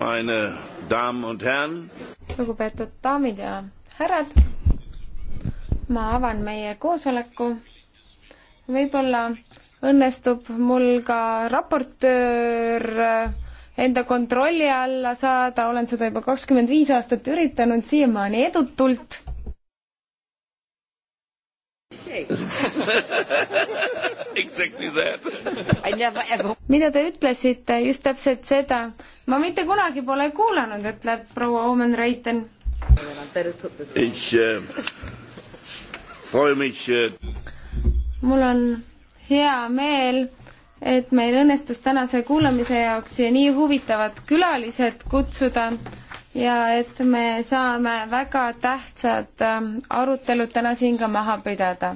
meine Damen und Herren. lugupeetud daamid ja härrad, ma avan meie koosoleku. võib-olla õnnestub mul ka raportöör enda kontrolli alla saada, olen seda juba kakskümmend viis aastat üritanud, siiamaani edutult exactly ever... mida te ütlesite, just täpselt seda. ma mitte kunagi pole kuulanud, ütleb proua Omen Reiten. Äh, äh, mul on hea meel, et meil õnnestus tänase kuulamise jaoks siia nii huvitavad külalised kutsuda ja et me saame väga tähtsad ähm, arutelud täna siin ka maha pidada.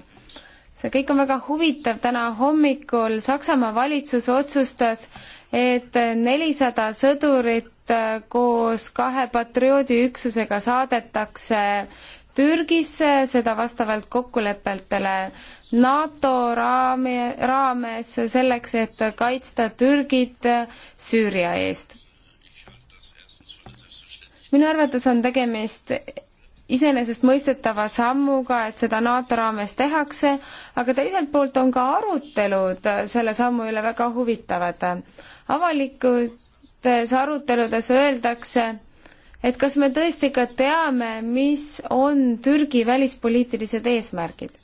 see kõik on väga huvitav, täna hommikul Saksamaa valitsus otsustas, et nelisada sõdurit äh, koos kahe patrioodiüksusega saadetakse Türgisse, seda vastavalt kokkulepetele NATO raami, raames selleks, et kaitsta Türgit Süüria eest minu arvates on tegemist iseenesestmõistetava sammuga, et seda NATO raames tehakse, aga teiselt poolt on ka arutelud selle sammu üle väga huvitavad. avalikutes aruteludes öeldakse, et kas me tõesti ka teame, mis on Türgi välispoliitilised eesmärgid.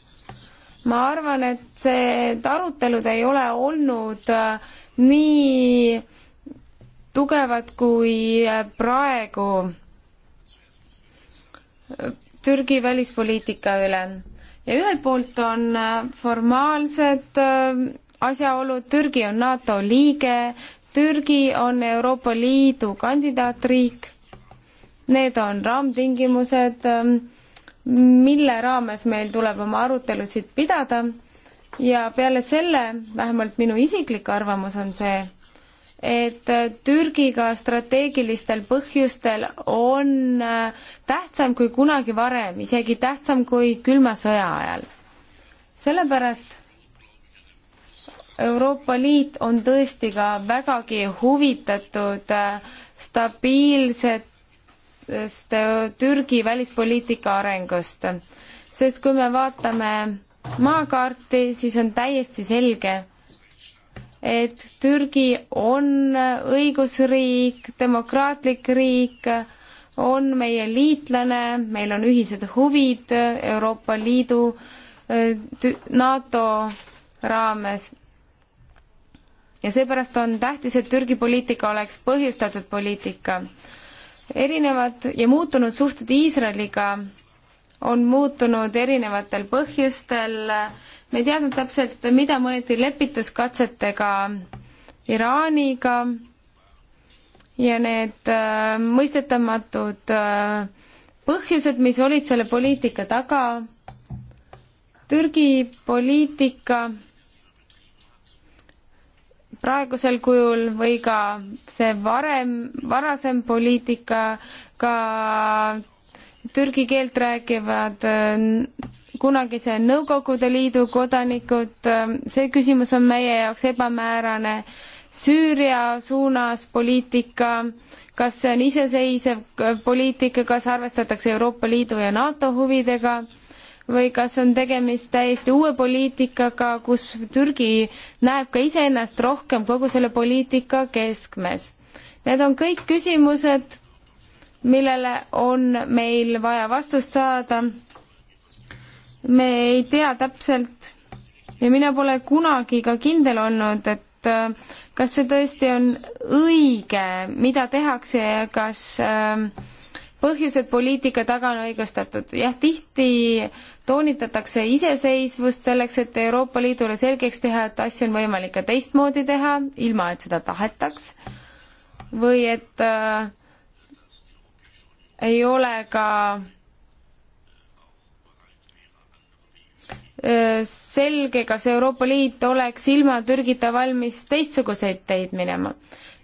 ma arvan, et see, et arutelud ei ole olnud nii äh, nii tugevad kui äh, praegu äh, Türgi välispoliitika üle. ja ühelt poolt on äh, formaalsed asjaolud, Türgi on NATO liige, Türgi on Euroopa Liidu kandidaatriik, need on raamtingimused, mille raames meil tuleb oma arutelusid pidada ja peale selle, vähemalt minu isiklik arvamus on see, et Türgiga strateegilistel põhjustel on äh, tähtsam kui kunagi varem, isegi tähtsam kui külma sõja ajal. sellepärast Euroopa Liit on tõesti ka vägagi huvitatud äh, stabiilsest äh, Türgi välispoliitika arengust, sest kui me vaatame maakaarti, siis on täiesti selge, et Türgi on õigusriik, demokraatlik riik, on meie liitlane, meil on ühised huvid Euroopa Liidu, äh, NATO raames. ja seepärast on tähtis, et Türgi poliitika oleks põhjustatud poliitika. erinevad ja muutunud suhted Iisraeliga on muutunud erinevatel põhjustel, me ei teadnud täpselt, mida mõeldi lepituskatsetega Iraaniga ja need äh, mõistetamatud äh, põhjused, mis olid selle poliitika taga, Türgi poliitika praegusel kujul või ka see varem, varasem poliitika, ka türgi keelt rääkivad äh, kunagise Nõukogude Liidu kodanikud, ähm, see küsimus on meie jaoks ebamäärane. Süüria suunas poliitika, kas see on iseseisev äh, poliitika, kas arvestatakse Euroopa Liidu ja NATO huvidega või kas on tegemist täiesti uue poliitikaga, kus Türgi näeb ka iseennast rohkem kogu selle poliitika keskmes? Need on kõik küsimused, millele on meil vaja vastust saada me ei tea täpselt ja mina pole kunagi ka kindel olnud, et äh, kas see tõesti on õige, mida tehakse ja kas äh, põhjused poliitika taga on õigustatud. jah, tihti toonitatakse iseseisvust selleks, et Euroopa Liidule selgeks teha, et asju on võimalik ka teistmoodi teha, ilma et seda tahetaks, või et äh, ei ole ka äh, selge, kas Euroopa Liit oleks ilma Türgita valmis teistsuguseid teid minema.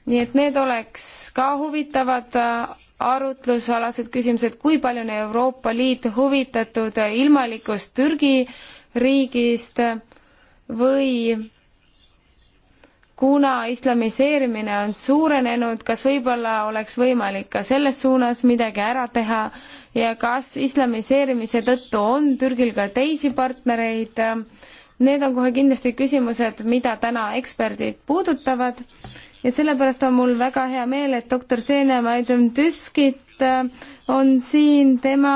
nii et need oleks ka huvitavad äh, arutlusalased küsimused, kui palju on Euroopa Liit huvitatud äh, ilmalikust Türgi riigist äh, või kuna islamiseerimine on suurenenud, kas võib-olla oleks võimalik ka selles suunas midagi ära teha ja kas islamiseerimise tõttu on Türgil ka teisi partnereid? Need on kohe kindlasti küsimused, mida täna eksperdid puudutavad ja sellepärast on mul väga hea meel, et doktor Seene Maidum-Tüskit äh, on siin, tema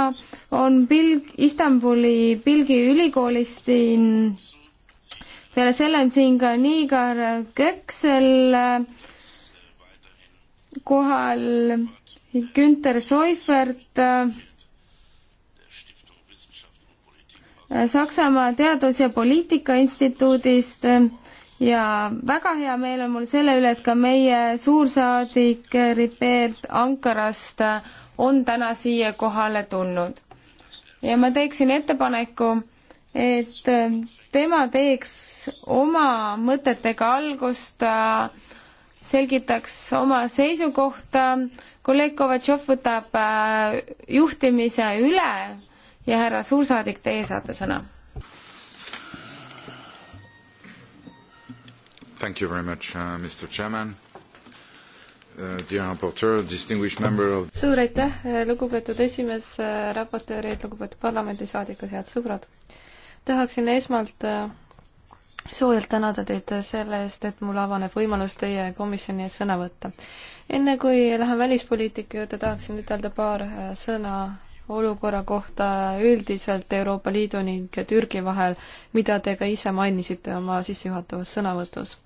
on Pil-, Istanbuli Pilgi ülikoolist siin peale selle on siin ka Niigar Köksel kohal, Günter Seufert, Saksamaa Teadus- ja Poliitikainstituudist ja väga hea meel on mul selle üle, et ka meie suursaadik Ripert Ankarast on täna siia kohale tulnud. ja ma teeksin ettepaneku, et äh, tema teeks oma mõtetega algust, äh, selgitaks oma seisukohta, kolleeg Kovatšov võtab äh, juhtimise üle ja härra suursaadik, teie saate sõna. Thank you very much uh,, Mr Chairman uh, suur aitäh, lugupeetud esimees, raportöörid, lugupeetud parlamendisaadikud, head sõbrad! tahaksin esmalt äh, soojalt tänada teid selle eest, et mul avaneb võimalus teie komisjoni ees sõna võtta. enne kui lähen välispoliitika juurde, tahaksin ütelda paar äh, sõna olukorra kohta üldiselt Euroopa Liidu ning Türgi vahel, mida te ka ise mainisite oma sissejuhatavas sõnavõtus.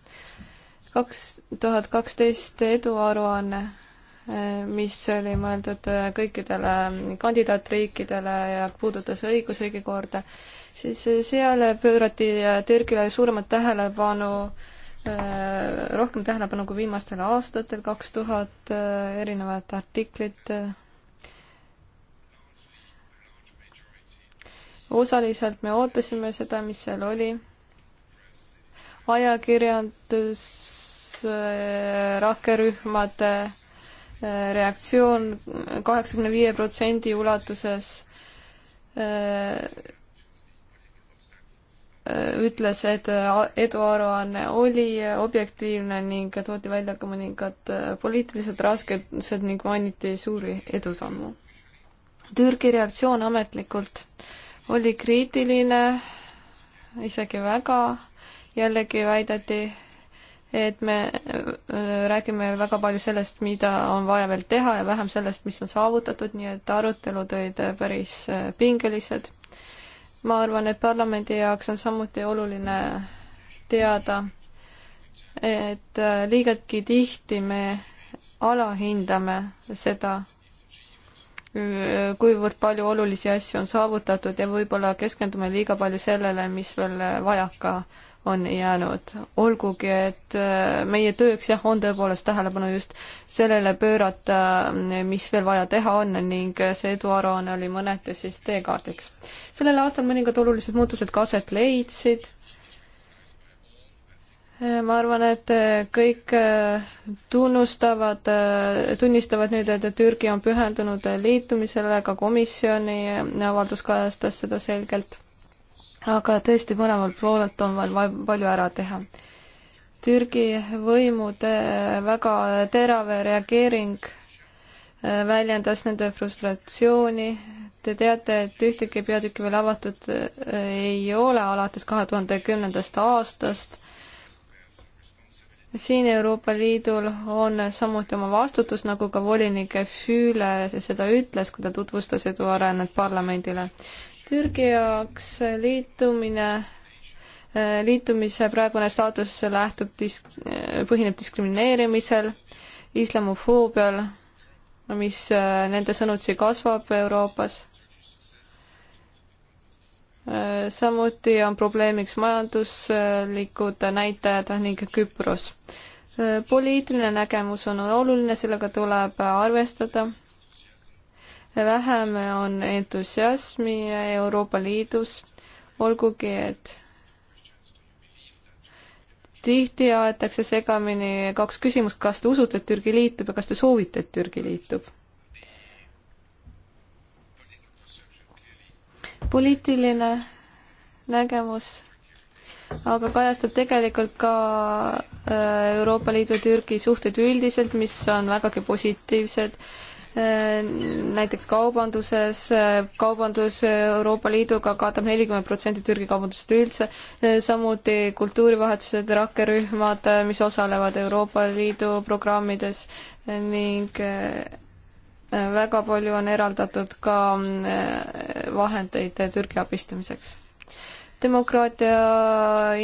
kaks tuhat kaksteist eduaruanne Eh, mis oli mõeldud eh, kõikidele kandidaatriikidele ja puudutas õigusriigi korda, siis seal pöörati eh, Türgile suuremat tähelepanu, rohkem tähelepanu kui viimastel aastatel, kaks tuhat erinevat artiklit. osaliselt me ootasime seda, mis seal oli. ajakirjandus, rakkerühmade reaktsioon kaheksakümne viie protsendi ulatuses äh, äh, ütles, et äh, eduaruanne oli objektiivne ning toodi välja ka mõningad poliitilised raskused ning mainiti suuri edusammu. Türgi reaktsioon ametlikult oli kriitiline, isegi väga, jällegi väideti, et me äh, räägime väga palju sellest, mida on vaja veel teha ja vähem sellest, mis on saavutatud, nii et arutelud olid äh, päris äh, pingelised. ma arvan, et parlamendi jaoks on samuti oluline teada, et liigeltki tihti me alahindame seda, kuivõrd palju olulisi asju on saavutatud ja võib-olla keskendume liiga palju sellele, mis veel vajaka on jäänud. olgugi, et äh, meie tööks jah, on tõepoolest tähelepanu just sellele pöörata, äh, mis veel vaja teha on ning äh, see eduaruanne oli mõneti siis teekaardiks. sellel aastal mõningad olulised muutused ka aset leidsid. ma arvan, et kõik tunnustavad, tunnistavad nüüd, et Türgi on pühendunud liitumisele, ka komisjoni avaldus kajastas seda selgelt aga tõesti mõlemalt poolelt on veel palju ära teha. Türgi võimude eh, väga terav reageering eh, väljendas nende frustratsiooni. Te teate, et ühtegi peatükki veel avatud eh, ei ole alates kahe tuhande kümnendast aastast. siin Euroopa Liidul on samuti oma vastutus, nagu ka volinik Füüle seda ütles, kui ta tutvustas eduarenet parlamendile. Türgi jaoks liitumine, liitumise praegune staatus lähtub disk-, põhineb diskrimineerimisel, islamofoobial, mis nende sõnutsi kasvab Euroopas. samuti on probleemiks majanduslikud näitajad ning Küpros poliitiline nägemus on oluline, sellega tuleb arvestada vähem on entusiasmi Euroopa Liidus, olgugi et tihti aetakse segamini kaks küsimust, kas te usute, et Türgi liitub ja kas te soovite, et Türgi liitub? poliitiline nägemus aga kajastab tegelikult ka äh, Euroopa Liidu Türgi suhted üldiselt, mis on vägagi positiivsed Äh, näiteks kaubanduses, äh, kaubandus Euroopa Liiduga katab nelikümmend protsenti Türgi kaubandusest üldse, äh, samuti kultuurivahetused, rakkerühmad, mis osalevad Euroopa Liidu programmides ning väga palju on eraldatud ka vahendeid Türgi abistamiseks demokraatia,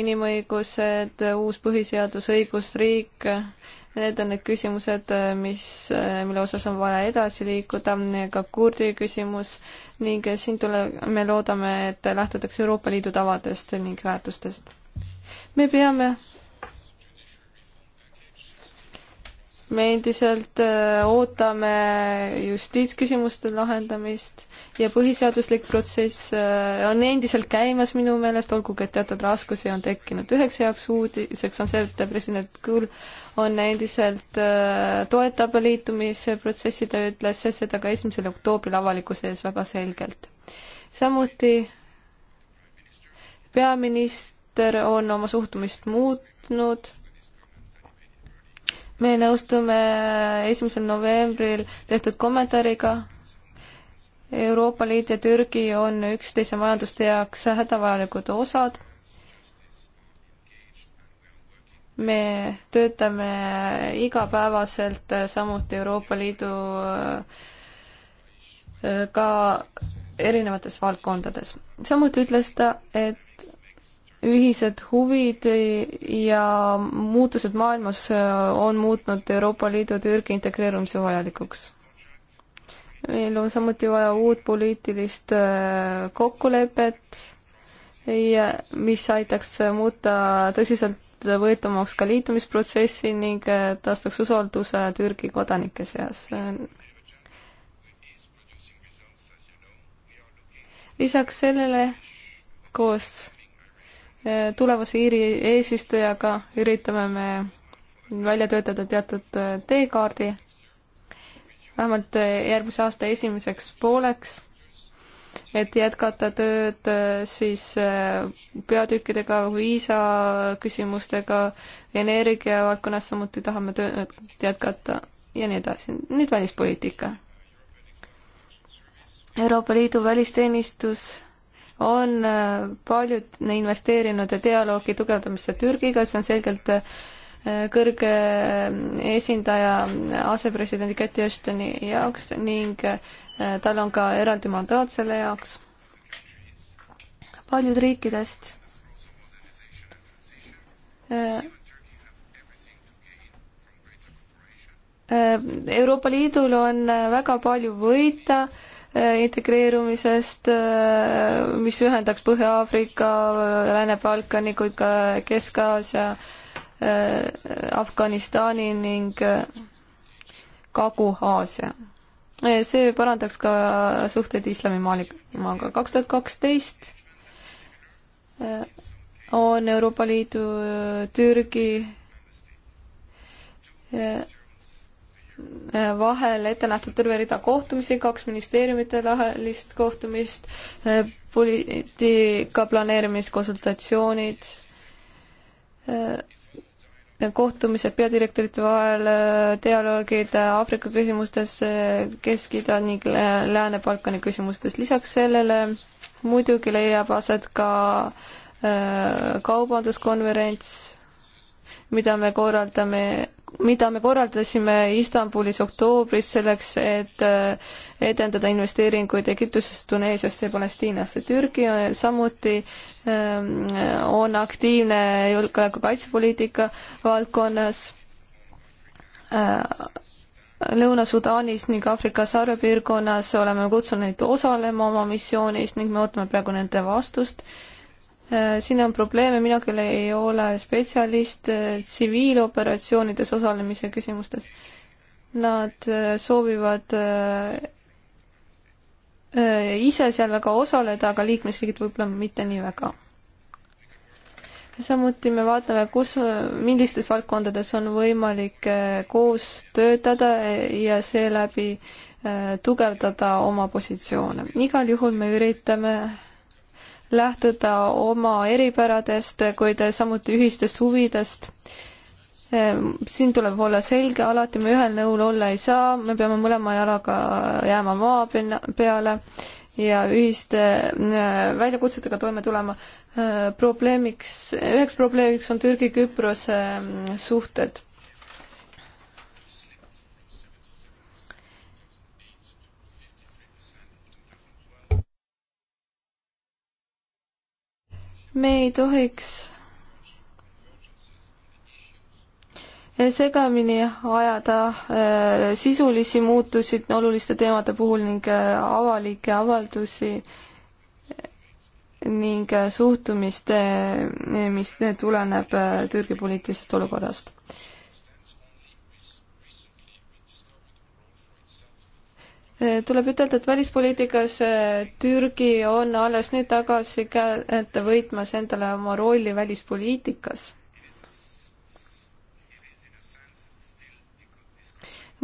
inimõigused, uus põhiseadus, õigusriik, Need on need küsimused, äh, mis, äh, mille osas on vaja edasi liikuda, ka kurdi küsimus ning äh, siin tule-, me loodame, et lähtutakse Euroopa Liidu tavadest ning väärtustest. me peame me endiselt ootame justiitsküsimuste lahendamist ja põhiseaduslik protsess on endiselt käimas minu meelest, olgugi et teatud raskusi on tekkinud. üheks heaks uudiseks on see, et president Kül on endiselt, äh, toetab liitumisprotsessi, ta ütles seda ka esimesel oktoobril avalikkuse ees väga selgelt. samuti peaminister on oma suhtumist muutnud me nõustume esimesel novembril tehtud kommentaariga. Euroopa Liit ja Türgi on üksteise majanduste jaoks hädavajalikud osad me töötame igapäevaselt samuti Euroopa Liidu äh, ka erinevates valdkondades. samuti ütles ta, et ühised huvid ja muutused maailmas äh, on muutnud Euroopa Liidu Türgi integreerumise vajalikuks meil on samuti vaja uut poliitilist äh, kokkulepet ja mis aitaks muuta tõsiselt tõsiseltvõetavamaks ka liitumisprotsessi ning äh, taastaks usalduse Türgi kodanike seas. lisaks sellele koos äh, tulevase Iiri eesistujaga üritame me välja töötada teatud äh, teekaardi vähemalt järgmise aasta esimeseks pooleks et jätkata tööd äh, siis äh, peatükkidega, viisa küsimustega, energia valdkonnas samuti tahame tööd jätkata ja nii edasi. nüüd välispoliitika. Euroopa Liidu välisteenistus on äh, paljud investeerinud dialoogi tugevdamisse Türgiga, see on selgelt kõrge esindaja asepresidendi Käti Östoni jaoks ning tal on ka eraldi mandaat selle jaoks. paljud riikidest äh, äh, Euroopa Liidul on väga palju võita äh, integreerumisest, mis ühendaks Põhja-Aafrika, Lääne-Balkani kui ka Kesk-Aasia, Afganistani ning Kagu-Aasia Eh, see parandaks ka suhteid islamimaailmaga. kaks tuhat kaksteist eh, on Euroopa Liidu eh, Türgi vahel ette nähtud terve rida kohtumisi, kaks ministeeriumite vahelist kohtumist, poliitika planeerimiskonsultatsioonid kohtumised peadirektorite vahel, dialoogid Aafrika küsimustes, Kesk-Ida ning Lääne-Balkani küsimustes. lisaks sellele muidugi leiab aset ka äh, kaubanduskonverents, mida me korraldame mida me korraldasime Istanbulis oktoobris selleks, et äh, edendada investeeringuid Egiptusesse, Tuneesiasse ja Palestiinasse. Türgi äh, samuti ähm, on aktiivne julgeoleku kaitsepoliitika valdkonnas äh, Lõuna-Sudaanis ning Aafrika sarvepiirkonnas oleme kutsunud neid osalema oma missioonis ning me ootame praegu nende vastust Äh, siin on probleeme, mina küll ei ole spetsialist äh, tsiviiloperatsioonides osalemise küsimustes. Nad äh, soovivad ise seal väga osaleda, aga liikmesriigid võib-olla mitte nii väga. samuti me vaatame, kus, millistes valdkondades on võimalik koos töötada ja seeläbi tugevdada oma positsioone. igal juhul me üritame lähtuda oma eripäradest, kuid samuti ühistest huvidest. Ehm, siin tuleb olla selge, alati me ühel nõul olla ei saa, me peame mõlema jalaga jääma maa peale ja ühiste ehm, väljakutsetega toime tulema. Ehm, probleemiks, üheks probleemiks on Türgi-Küprose suhted me ei tohiks segamini ajada äh, sisulisi muutusi oluliste teemade puhul ning äh, avalikke avaldusi ning äh, suhtumist, mis tuleneb Türgi poliitilisest olukorrast. tuleb ütelda, et välispoliitikas äh, Türgi on alles nüüd tagasi kätte võitmas endale oma rolli välispoliitikas.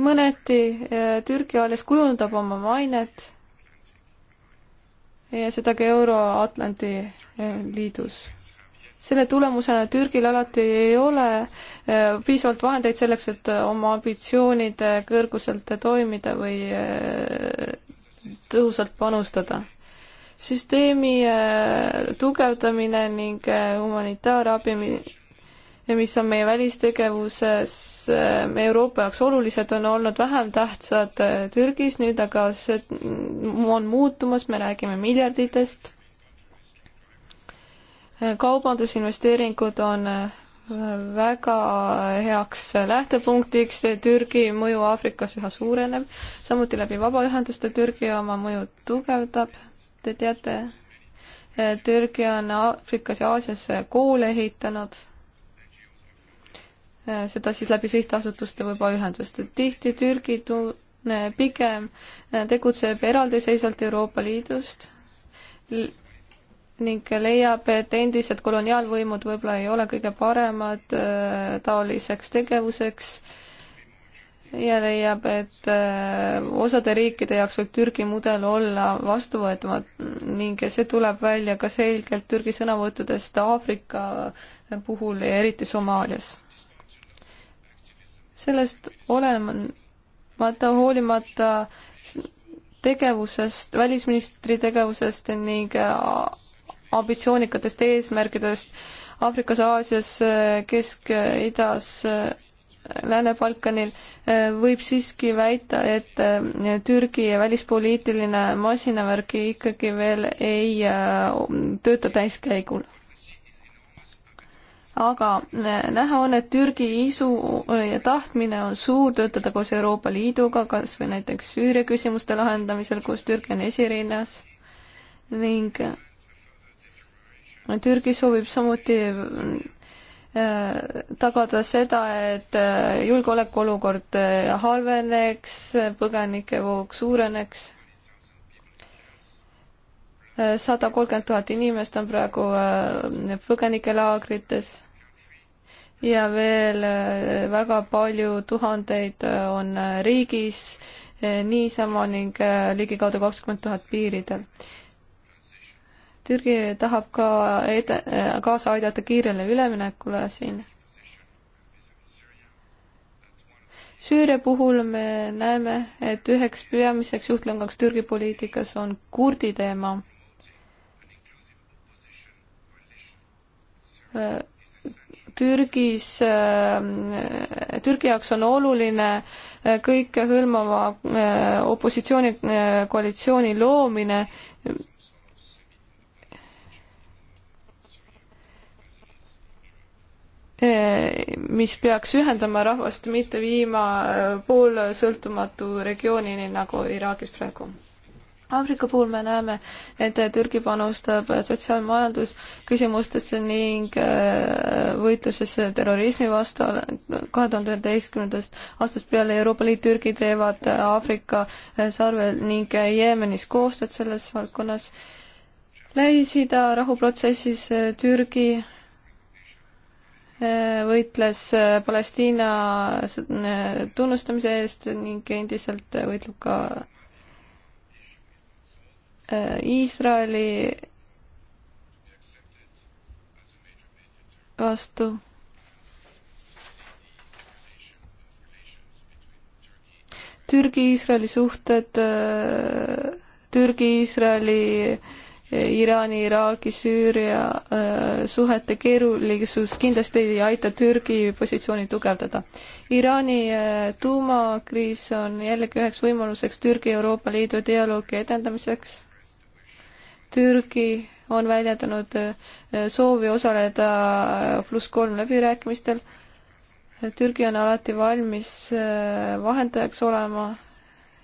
mõneti äh, Türgi alles kujundab oma mainet ja seda ka Euro-Atlandi äh, liidus selle tulemusena Türgil alati ei ole eh, piisavalt vahendeid selleks, et eh, oma ambitsioonide eh, kõrguselt toimida või tõhusalt panustada. süsteemi tugevdamine ning humanitaarabi, mis on meie välistegevuses Euroopa jaoks olulised, on olnud vähem tähtsad Türgis, nüüd aga see mm, on muutumas, me räägime miljarditest kaubandusinvesteeringud on väga heaks lähtepunktiks, Türgi mõju Aafrikas üha suureneb, samuti läbi vabaühenduste Türgi oma mõju tugevdab, te teate, Türgi on Aafrikas ja Aasias koole ehitanud, seda siis läbi sihtasutuste vabaühenduste, tihti Türgi pigem tegutseb eraldiseisvalt Euroopa Liidust, ning leiab, et endised koloniaalvõimud võib-olla ei ole kõige paremad äh, taoliseks tegevuseks ja leiab, et äh, osade riikide jaoks võib Türgi mudel olla vastuvõetamatu ning see tuleb välja ka selgelt Türgi sõnavõttudest Aafrika puhul ja eriti Somaalias. sellest olenemata, hoolimata tegevusest, välisministri tegevusest ning äh, ambitsioonikatest eesmärkidest Aafrikas, Aasias, Kesk-Idas, Lääne-Balkanil, võib siiski väita, et eh, Türgi välispoliitiline masinavärk ikkagi veel ei eh, tööta täiskäigul. aga eh, näha on, et Türgi isu ja tahtmine on suur töötada koos Euroopa Liiduga, kas või näiteks Süüria küsimuste lahendamisel, kus Türgi on esirinnas ning Türgi soovib samuti äh, tagada seda, et äh, julgeolekuolukord äh, halveneks, põgenikevoog suureneks. sada kolmkümmend tuhat inimest on praegu põgenikelaagrites ja veel väga palju tuhandeid on riigis niisama ning ligikaudu kakskümmend tuhat piiridel Türgi tahab ka eda-, kaasa aidata kiirele üleminekule siin. Süüria puhul me näeme, et üheks peamiseks juhtlõngaks Türgi poliitikas on kurdi teema. Türgis, Türgi jaoks on oluline kõikehõlmava eh, opositsiooni eh, koalitsiooni loomine mis peaks ühendama rahvast, mitte viima äh, poolsõltumatu regioonini nagu Iraagis praegu. Aafrika puhul me näeme, et Türgi panustab sotsiaalmajandusküsimustesse ning äh, võitlusesse terrorismi vastu. kahe tuhande üheteistkümnendast aastast peale Euroopa Liit, Türgi teevad Aafrika äh, sarvel ning Jeemenis koostööd selles valdkonnas Lähis-Ida rahuprotsessis Türgi võitles äh, Palestiina äh, tunnustamise eest ning endiselt võitleb ka äh, Iisraeli vastu. Türgi-Iisraeli suhted, Türgi-Iisraeli äh, Iraani, Iraagi, Süüria äh, suhete keerulisus kindlasti ei aita Türgi positsiooni tugevdada. Iraani äh, tuumakriis on jällegi üheks võimaluseks Türgi Euroopa Liidu dialoogi edendamiseks. Türgi on väljendanud äh, soovi osaleda pluss kolm läbirääkimistel. Türgi on alati valmis vahendajaks olema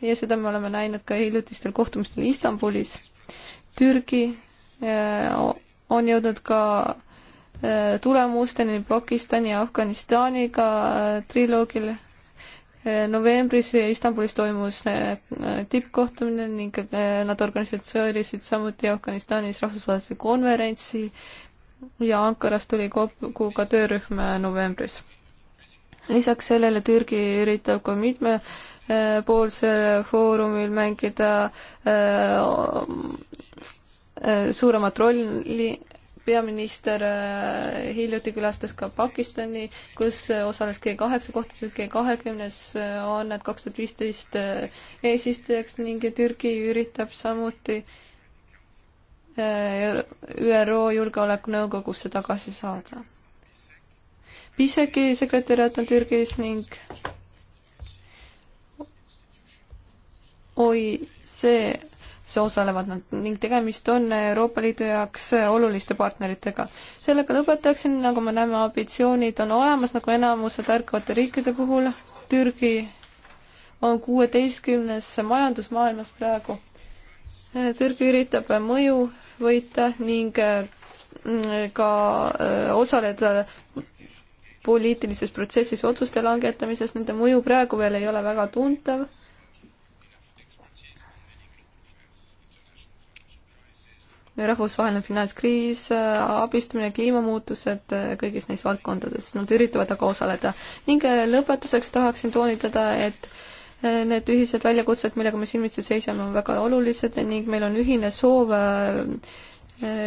ja seda me oleme näinud ka hiljutistel kohtumistel Istanbulis Türgi eh, on jõudnud ka eh, tulemusteni Pakistani ja Afganistaniga eh, triloogil. novembris Istanbulis toimus tippkohtumine ning nad organiseerisid samuti Afganistanis rahvusvahelise konverentsi ja Ankaras tuli kokku ka töörühm novembris. lisaks sellele Türgi üritab ka mitme poolsel foorumil mängida Äh, suuremat rolli. peaminister äh, hiljuti külastas ka Pakistani, kus äh, osales G kaheksa kohtumisel, G kahekümnes on nad kaks tuhat viisteist eesistujaks ning Türgi üritab samuti ÜRO Julgeolekunõukogusse tagasi saada. Piseki sekretäriat on Türgis ning oi, see osalevad nad ning tegemist on Euroopa Liidu jaoks oluliste partneritega. sellega lõpetaksin, nagu me näeme, ambitsioonid on olemas, nagu enamuse tärkavate riikide puhul. Türgi on kuueteistkümnes majandusmaailmas praegu. Türgi üritab mõju võita ning mm, ka äh, osaleda poliitilises protsessis otsuste langetamises, nende mõju praegu veel ei ole väga tuntav rahvusvaheline finantskriis, abistamine, kliimamuutused kõigis neis valdkondades, nad üritavad aga osaleda. ning äh, lõpetuseks tahaksin toonitada, et äh, need ühised väljakutsed, millega me silmitsi seisame, on väga olulised ning meil on ühine soov äh,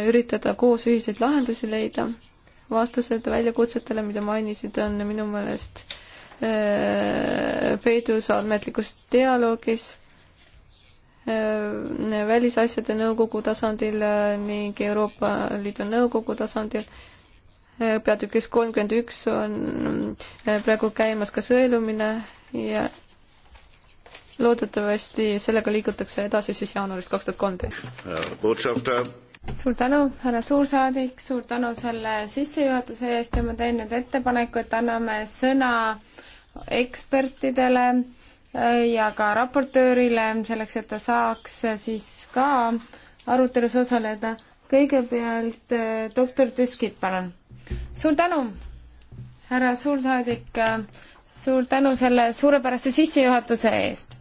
üritada koos ühiseid lahendusi leida. vastused väljakutsetele, mida mainisid, on minu meelest peidus ametlikus dialoogis Äh, välisasjade nõukogu tasandil äh, ning Euroopa Liidu nõukogu tasandil. Äh, peatükis kolmkümmend üks on praegu käimas ka sõelumine ja loodetavasti sellega liigutakse edasi siis jaanuarist kaks tuhat kolmteist. suur tänu, härra suursaadik, suur tänu selle sissejuhatuse eest ja ma teen nüüd ettepaneku, et anname sõna ekspertidele ja ka raportöörile selleks, et ta saaks siis ka arutelus osaleda. kõigepealt äh, doktor Tüskit, palun. suur tänu, härra suursaadik, äh, suur tänu selle suurepärase sissejuhatuse eest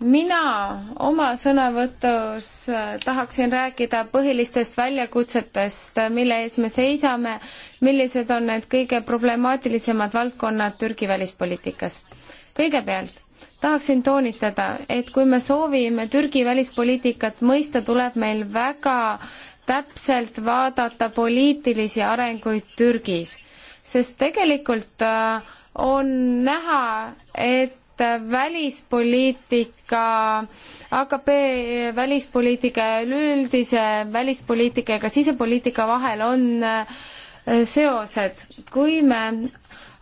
mina oma sõnavõtus äh, tahaksin rääkida põhilistest väljakutsetest, mille ees me seisame, millised on need kõige problemaatilisemad valdkonnad Türgi välispoliitikas. kõigepealt tahaksin toonitada, et kui me soovime Türgi välispoliitikat mõista, tuleb meil väga täpselt vaadata poliitilisi arenguid Türgis, sest tegelikult äh, on näha, et et välispoliitika, AKP välispoliitika ja üleüldise välispoliitika ja ka sisepoliitika vahel on äh, seosed. kui me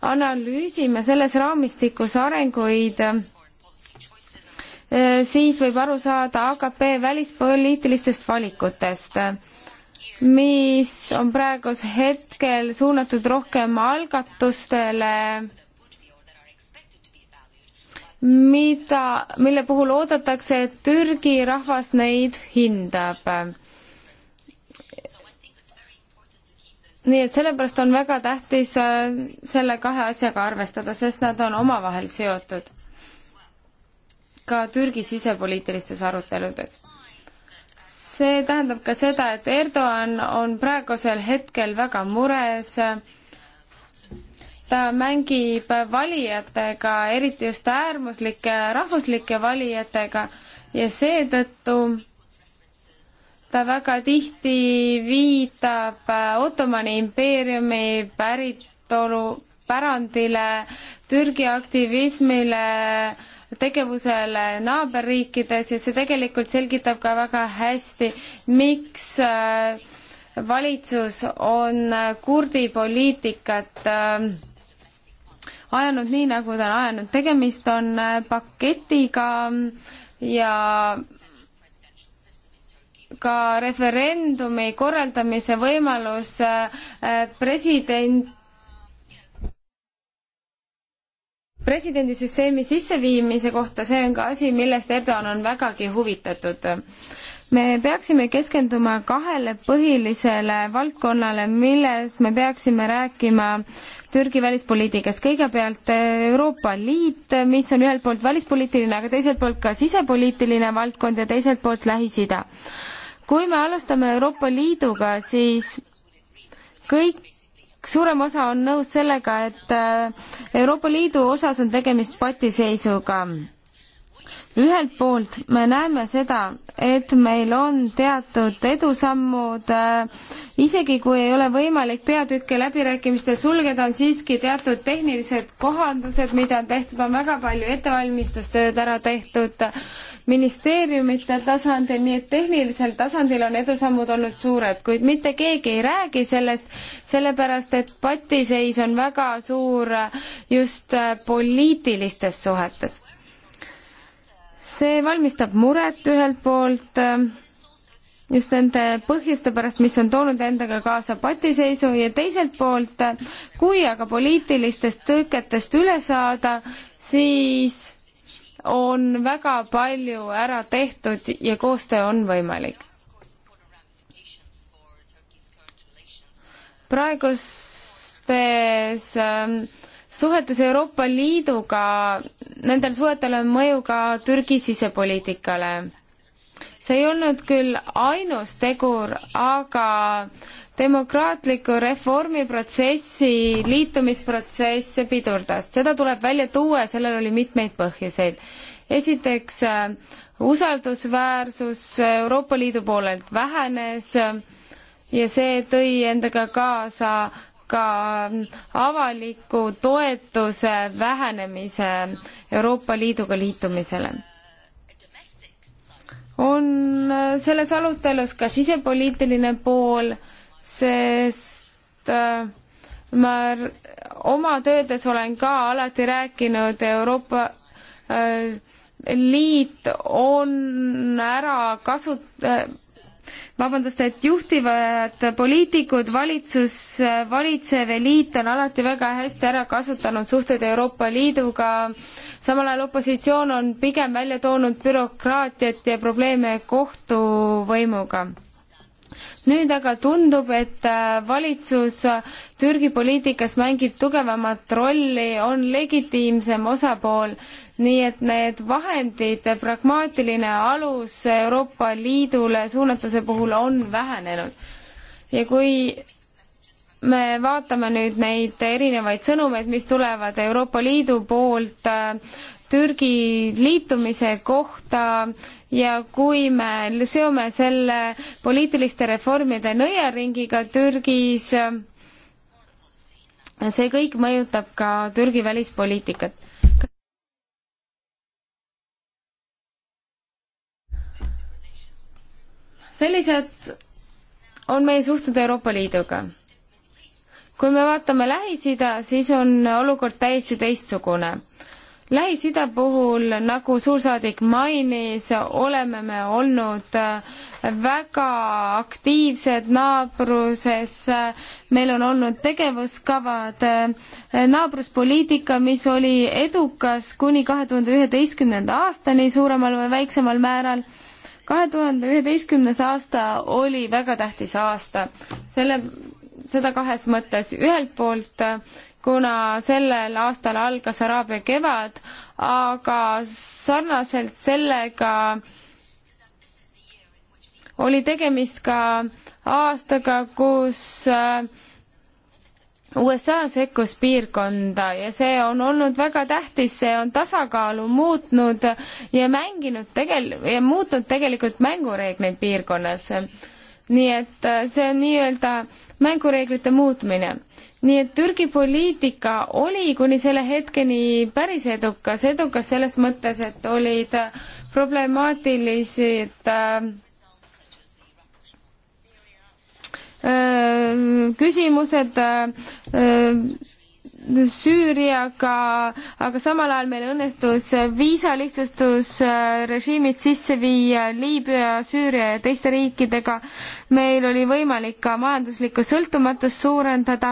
analüüsime selles raamistikus arenguid, äh, siis võib aru saada AKP välispoliitilistest valikutest, mis on praegusel hetkel suunatud rohkem algatustele, mida, mille puhul oodatakse, et Türgi rahvas neid hindab. nii et sellepärast on väga tähtis äh, selle kahe asjaga arvestada, sest nad on omavahel seotud ka Türgi sisepoliitilistes aruteludes. see tähendab ka seda, et Erdoğan on praegusel hetkel väga mures ta mängib valijatega, eriti just äärmuslike rahvuslike valijatega ja seetõttu ta väga tihti viitab äh, Ottomani impeeriumi päritolu, pärandile, Türgi aktivismile, tegevusele naaberriikides ja see tegelikult selgitab ka väga hästi, miks äh, valitsus on äh, kurdi poliitikat äh, ajanud nii, nagu ta on ajanud. tegemist on äh, paketiga ja ka referendumi korraldamise võimalus äh, äh, president presidendisüsteemi sisseviimise kohta, see on ka asi, millest Erdoğan on vägagi huvitatud. me peaksime keskenduma kahele põhilisele valdkonnale, milles me peaksime rääkima Türgi välispoliitikas. kõigepealt eh, Euroopa Liit, mis on ühelt poolt välispoliitiline, aga teiselt poolt ka sisepoliitiline valdkond ja teiselt poolt Lähis-Ida. kui me alustame Euroopa Liiduga, siis kõik suurem osa on nõus sellega, et eh, Euroopa Liidu osas on tegemist patiseisuga ühelt poolt me näeme seda, et meil on teatud edusammud äh,, isegi kui ei ole võimalik peatükke läbirääkimistel sulgeda, on siiski teatud tehnilised kohandused, mida on tehtud, on väga palju ettevalmistustööd ära tehtud ministeeriumite tasandil, nii et tehnilisel tasandil on edusammud olnud suured, kuid mitte keegi ei räägi sellest, sellepärast et patiseis on väga suur äh, just äh, poliitilistes suhetes see valmistab muret ühelt poolt äh, just nende põhjuste pärast, mis on toonud endaga kaasa patiseisu ja teiselt poolt, äh, kui aga poliitilistest tõketest üle saada, siis on väga palju ära tehtud ja koostöö on võimalik. praegustes äh, suhetes Euroopa Liiduga, nendel suhetel on mõju ka Türgi sisepoliitikale. see ei olnud küll ainus tegur, aga demokraatliku reformiprotsessi liitumisprotsess see pidurdas, seda tuleb välja tuua ja sellel oli mitmeid põhjuseid. esiteks usaldusväärsus Euroopa Liidu poolelt vähenes ja see tõi endaga kaasa ka avaliku toetuse vähenemise Euroopa Liiduga liitumisele on selles arutelus ka sisepoliitiline pool, sest äh, ma oma töödes olen ka alati rääkinud Euroopa äh, Liit on ära kasut-, vabandust, et juhtivad poliitikud, valitsus, valitsev eliit on alati väga hästi ära kasutanud suhteid Euroopa Liiduga, samal ajal opositsioon on pigem välja toonud bürokraatiat ja probleeme kohtuvõimuga nüüd aga tundub, et valitsus Türgi poliitikas mängib tugevamat rolli, on legitiimsem osapool nii et need vahendid, pragmaatiline alus Euroopa Liidule suunatuse puhul on vähenenud. ja kui me vaatame nüüd neid erinevaid sõnumeid, mis tulevad Euroopa Liidu poolt äh, Türgi liitumise kohta ja kui me seome selle poliitiliste reformide nõiaringiga Türgis, äh, see kõik mõjutab ka Türgi välispoliitikat sellised on meie suhted Euroopa Liiduga. kui me vaatame Lähis-Ida, siis on olukord täiesti teistsugune. Lähis-Ida puhul, nagu suursaadik mainis, oleme me olnud äh, väga aktiivsed naabruses, äh, meil on olnud tegevuskavad, äh, naabruspoliitika, mis oli edukas kuni kahe tuhande üheteistkümnenda aastani suuremal või väiksemal määral kahe tuhande üheteistkümnes aasta oli väga tähtis aasta, selle, seda kahes mõttes, ühelt poolt kuna sellel aastal algas Araabia kevad, aga sarnaselt sellega oli tegemist ka aastaga, kus äh, USA sekkus piirkonda ja see on olnud väga tähtis, see on tasakaalu muutnud ja mänginud tegel- ja muutnud tegelikult mängureegleid piirkonnas. nii et äh, see on nii-öelda mängureeglite muutmine. nii et Türgi poliitika oli kuni selle hetkeni päris edukas, edukas selles mõttes, et olid äh, problemaatilised äh, Äh, küsimused äh, äh, Süüriaga, aga samal ajal meil õnnestus viisalihtsustusrežiimid sisse viia Liibüa, Süüria ja teiste riikidega. meil oli võimalik ka majanduslikku sõltumatust suurendada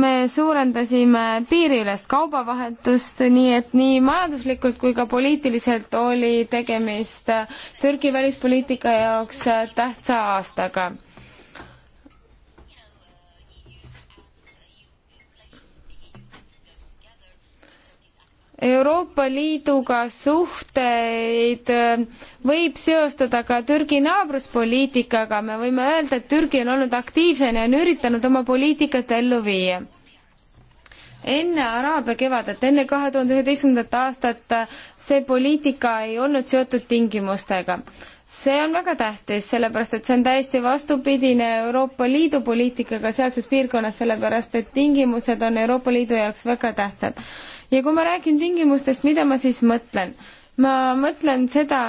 me suurendasime piiriülest kaubavahetust, nii et nii majanduslikult kui ka poliitiliselt oli tegemist Türgi välispoliitika jaoks tähtsa aastaga. Euroopa Liiduga suhteid äh, võib seostada ka Türgi naabruspoliitikaga, me võime öelda, et Türgi on olnud aktiivsene ja on üritanud oma poliitikat ellu viia. enne Araabia kevadet, enne kahe tuhande üheteistkümnendat aastat äh, see poliitika ei olnud seotud tingimustega. see on väga tähtis, sellepärast et see on täiesti vastupidine Euroopa Liidu poliitikaga sealses piirkonnas, sellepärast et tingimused on Euroopa Liidu jaoks väga tähtsad ja kui ma räägin tingimustest, mida ma siis mõtlen? ma mõtlen seda,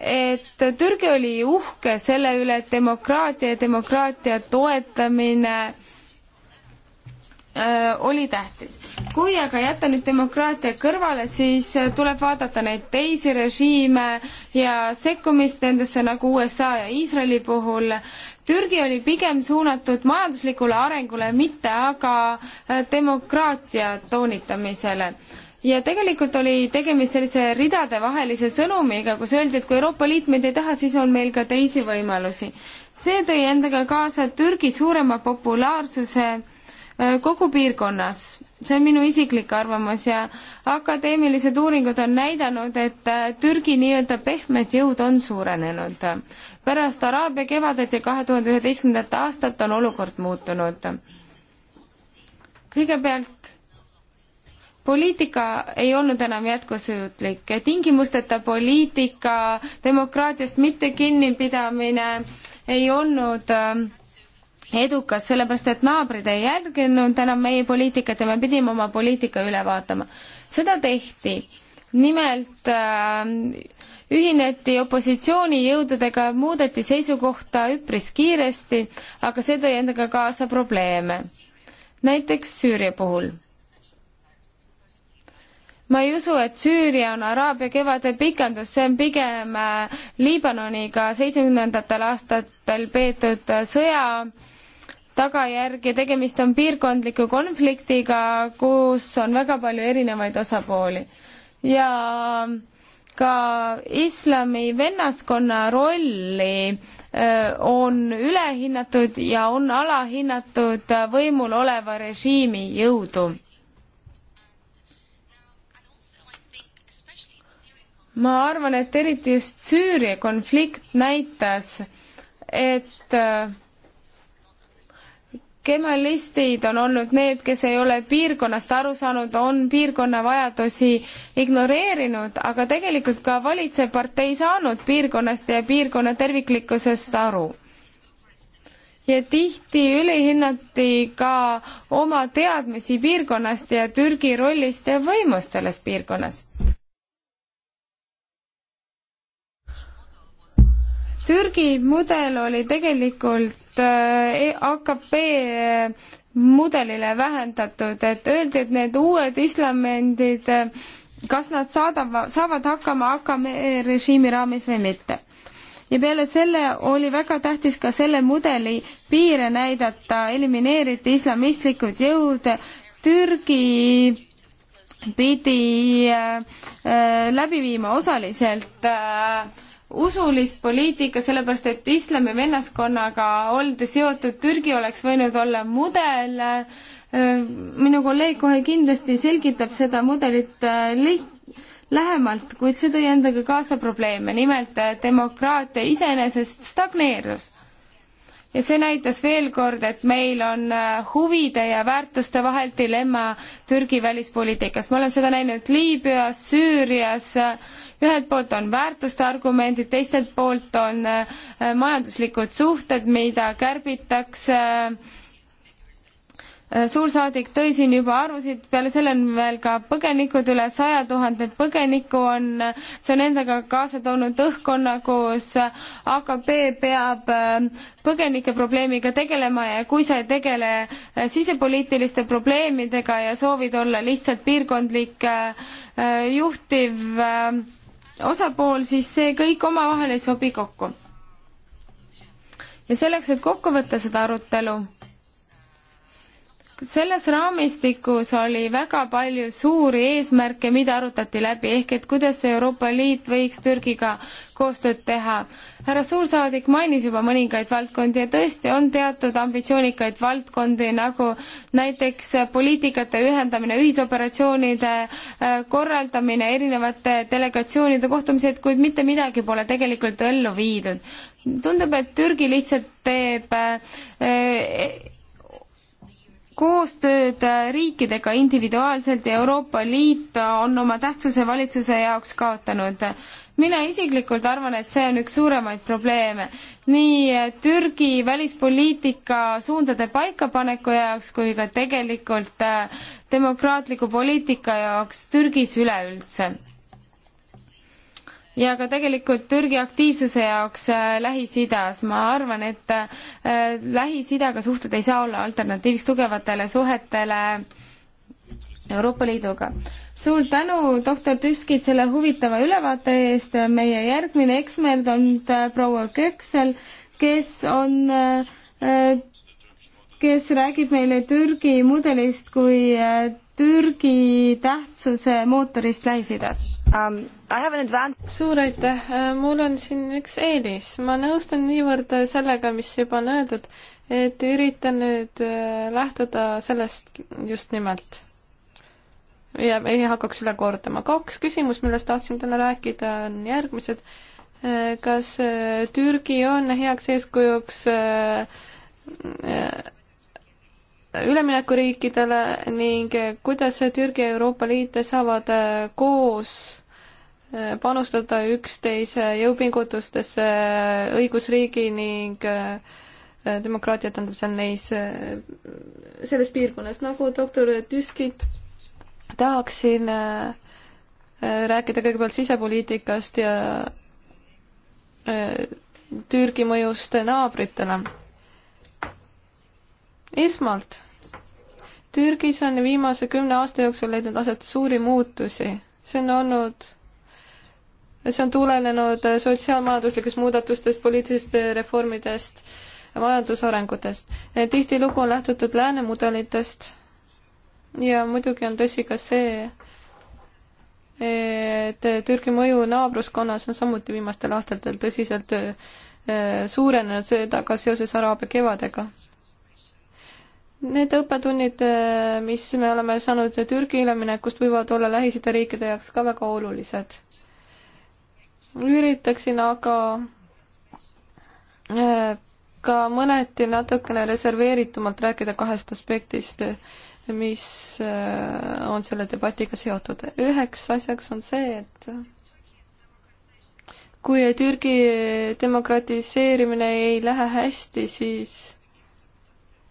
et Türgi oli uhke selle üle, et demokraatia ja demokraatia toetamine öö, äh, oli tähtis. kui aga jätta nüüd demokraatia kõrvale, siis äh, tuleb vaadata neid teisi režiime ja sekkumist nendesse nagu USA ja Iisraeli puhul, Türgi oli pigem suunatud majanduslikule arengule, mitte aga äh, demokraatia toonitamisele ja tegelikult oli tegemist sellise ridadevahelise sõnumiga, kus öeldi, et kui Euroopa Liit meid ei taha, siis on meil ka teisi võimalusi. see tõi endaga kaasa Türgi suurema populaarsuse äh, kogu piirkonnas. see on minu isiklik arvamus ja akadeemilised uuringud on näidanud, et äh, Türgi nii-öelda pehmed jõud on suurenenud pärast Araabia kevadet ja kahe tuhande üheteistkümnendat aastat on olukord muutunud. kõigepealt poliitika ei olnud enam jätkusuutlik, tingimusteta poliitika, demokraatiast mitte kinnipidamine ei olnud äh, edukas, sellepärast et naabrid ei järginud enam meie poliitikat ja me pidime oma poliitika üle vaatama. seda tehti. nimelt äh, ühineti opositsioonijõududega, muudeti seisukohta üpris kiiresti, aga see tõi endaga kaasa probleeme. näiteks Süüria puhul. ma ei usu, et Süüria on Araabia kevade pikendus, see on pigem äh, Liibanoniga seitsmekümnendatel aastatel peetud äh, sõja tagajärg ja tegemist on piirkondliku konfliktiga, kus on väga palju erinevaid osapooli ja ka islami vennaskonna rolli on ülehinnatud ja on alahinnatud võimul oleva režiimi jõudu. ma arvan, et eriti just Süüria konflikt näitas, et äh, kemalistid on olnud need, kes ei ole piirkonnast aru saanud, on piirkonna vajadusi ignoreerinud, aga tegelikult ka valitsev partei saanud piirkonnast ja piirkonna terviklikkusest aru. ja tihti ülihinnati ka oma teadmisi piirkonnast ja Türgi rollist ja võimust selles piirkonnas. Türgi mudel oli tegelikult äh, e-, AKP äh, mudelile vähendatud, et öeldi, et need uued islamendid, äh, kas nad saadavad, saavad hakkama AKP režiimi raames või mitte. ja peale selle oli väga tähtis ka selle mudeli piire näidata, elimineeriti islamistlikud jõud, Türgi pidi äh, läbi viima osaliselt äh, usulist poliitika, sellepärast et islami vennaskonnaga olde seotud Türgi oleks võinud olla mudel. minu kolleeg kohe kindlasti selgitab seda mudelit äh, liht-, lähemalt, kuid see tõi endaga kaasa probleeme, nimelt äh, demokraatia iseenesest stagneerus ja see näitas veel kord, et meil on äh, huvide ja väärtuste vahel dilemma Türgi välispoliitikas. ma olen seda näinud Liibüas, Süürias, ühelt poolt on väärtuste argumendid, teiselt poolt on äh, majanduslikud suhted, mida kärbitakse äh, Äh, suursaadik tõi siin juba arvusid, peale selle on veel ka põgenikud, üle saja tuhande põgeniku on, äh, see on endaga kaasa toonud õhkkonna, kus äh, AKP peab põgenike probleemiga tegelema ja kui sa ei tegele sisepoliitiliste probleemidega ja soovid olla lihtsalt piirkondlik juhtiv osapool, siis see kõik omavahel ei sobi kokku. ja selleks, et kokku võtta seda arutelu selles raamistikus oli väga palju suuri eesmärke, mida arutati läbi, ehk et kuidas Euroopa Liit võiks Türgiga koostööd teha. härra suursaadik mainis juba mõningaid valdkondi ja tõesti on teatud ambitsioonikaid valdkondi, nagu näiteks poliitikate ühendamine, ühisoperatsioonide äh, korraldamine, erinevate delegatsioonide kohtumised, kuid mitte midagi pole tegelikult ellu viidud tundub, et Türgi lihtsalt teeb äh, koostööd riikidega individuaalselt ja Euroopa Liit on oma tähtsuse valitsuse jaoks kaotanud. mina isiklikult arvan, et see on üks suuremaid probleeme nii Türgi välispoliitika suundade paikapaneku jaoks kui ka tegelikult äh, demokraatliku poliitika jaoks Türgis üleüldse ja ka tegelikult Türgi aktiivsuse jaoks äh, Lähis-Idas. ma arvan, et äh, Lähis-Idaga suhted ei saa olla alternatiiviks tugevatele suhetele Euroopa Liiduga. suur tänu, doktor Tüskid, selle huvitava ülevaate eest. meie järgmine ekspert on äh, proua Köksel, kes on, kes räägib meile Türgi mudelist kui Türgi tähtsuse mootorist Lähis-Idas um,. suur aitäh, äh, mul on siin üks eelis, ma nõustun niivõrd sellega, mis juba on öeldud, et üritan nüüd äh, lähtuda sellest just nimelt. ja ei hakkaks üle kordama, kaks küsimust, millest tahtsin täna rääkida, on järgmised. Äh, kas Türgi on heaks eeskujuks üleminekuriikidele ning kuidas Türgi ja Euroopa Liit saavad koos panustada üksteise jõupingutustesse õigusriigi ning äh, demokraatiat tähendab seal neis, äh, selles piirkonnas, nagu doktor Tüskit, tahaksin äh, rääkida kõigepealt sisepoliitikast ja Türgi mõjust naabritele. esmalt, Türgis on viimase kümne aasta jooksul leidnud aset suuri muutusi, see on olnud see on tulenenud sotsiaalmajanduslikest muudatustest, poliitilistest reformidest, majandusarengutest. Eh, tihtilugu on lähtutud lääne mudelitest ja muidugi on tõsi ka see, et Türgi mõju naabruskonnas on samuti viimastel aastatel tõsiselt eh, suurenenud, seda ka seoses Araabia kevadega. Need õppetunnid, eh, mis me oleme saanud Türgi üleminekust, võivad olla Lähis-Ida riikide jaoks ka väga olulised üritaksin aga äh, ka mõneti natukene reserveeritumalt rääkida kahest aspektist, mis äh, on selle debatiga seotud. üheks asjaks on see, et kui Türgi demokratiseerimine ei lähe hästi, siis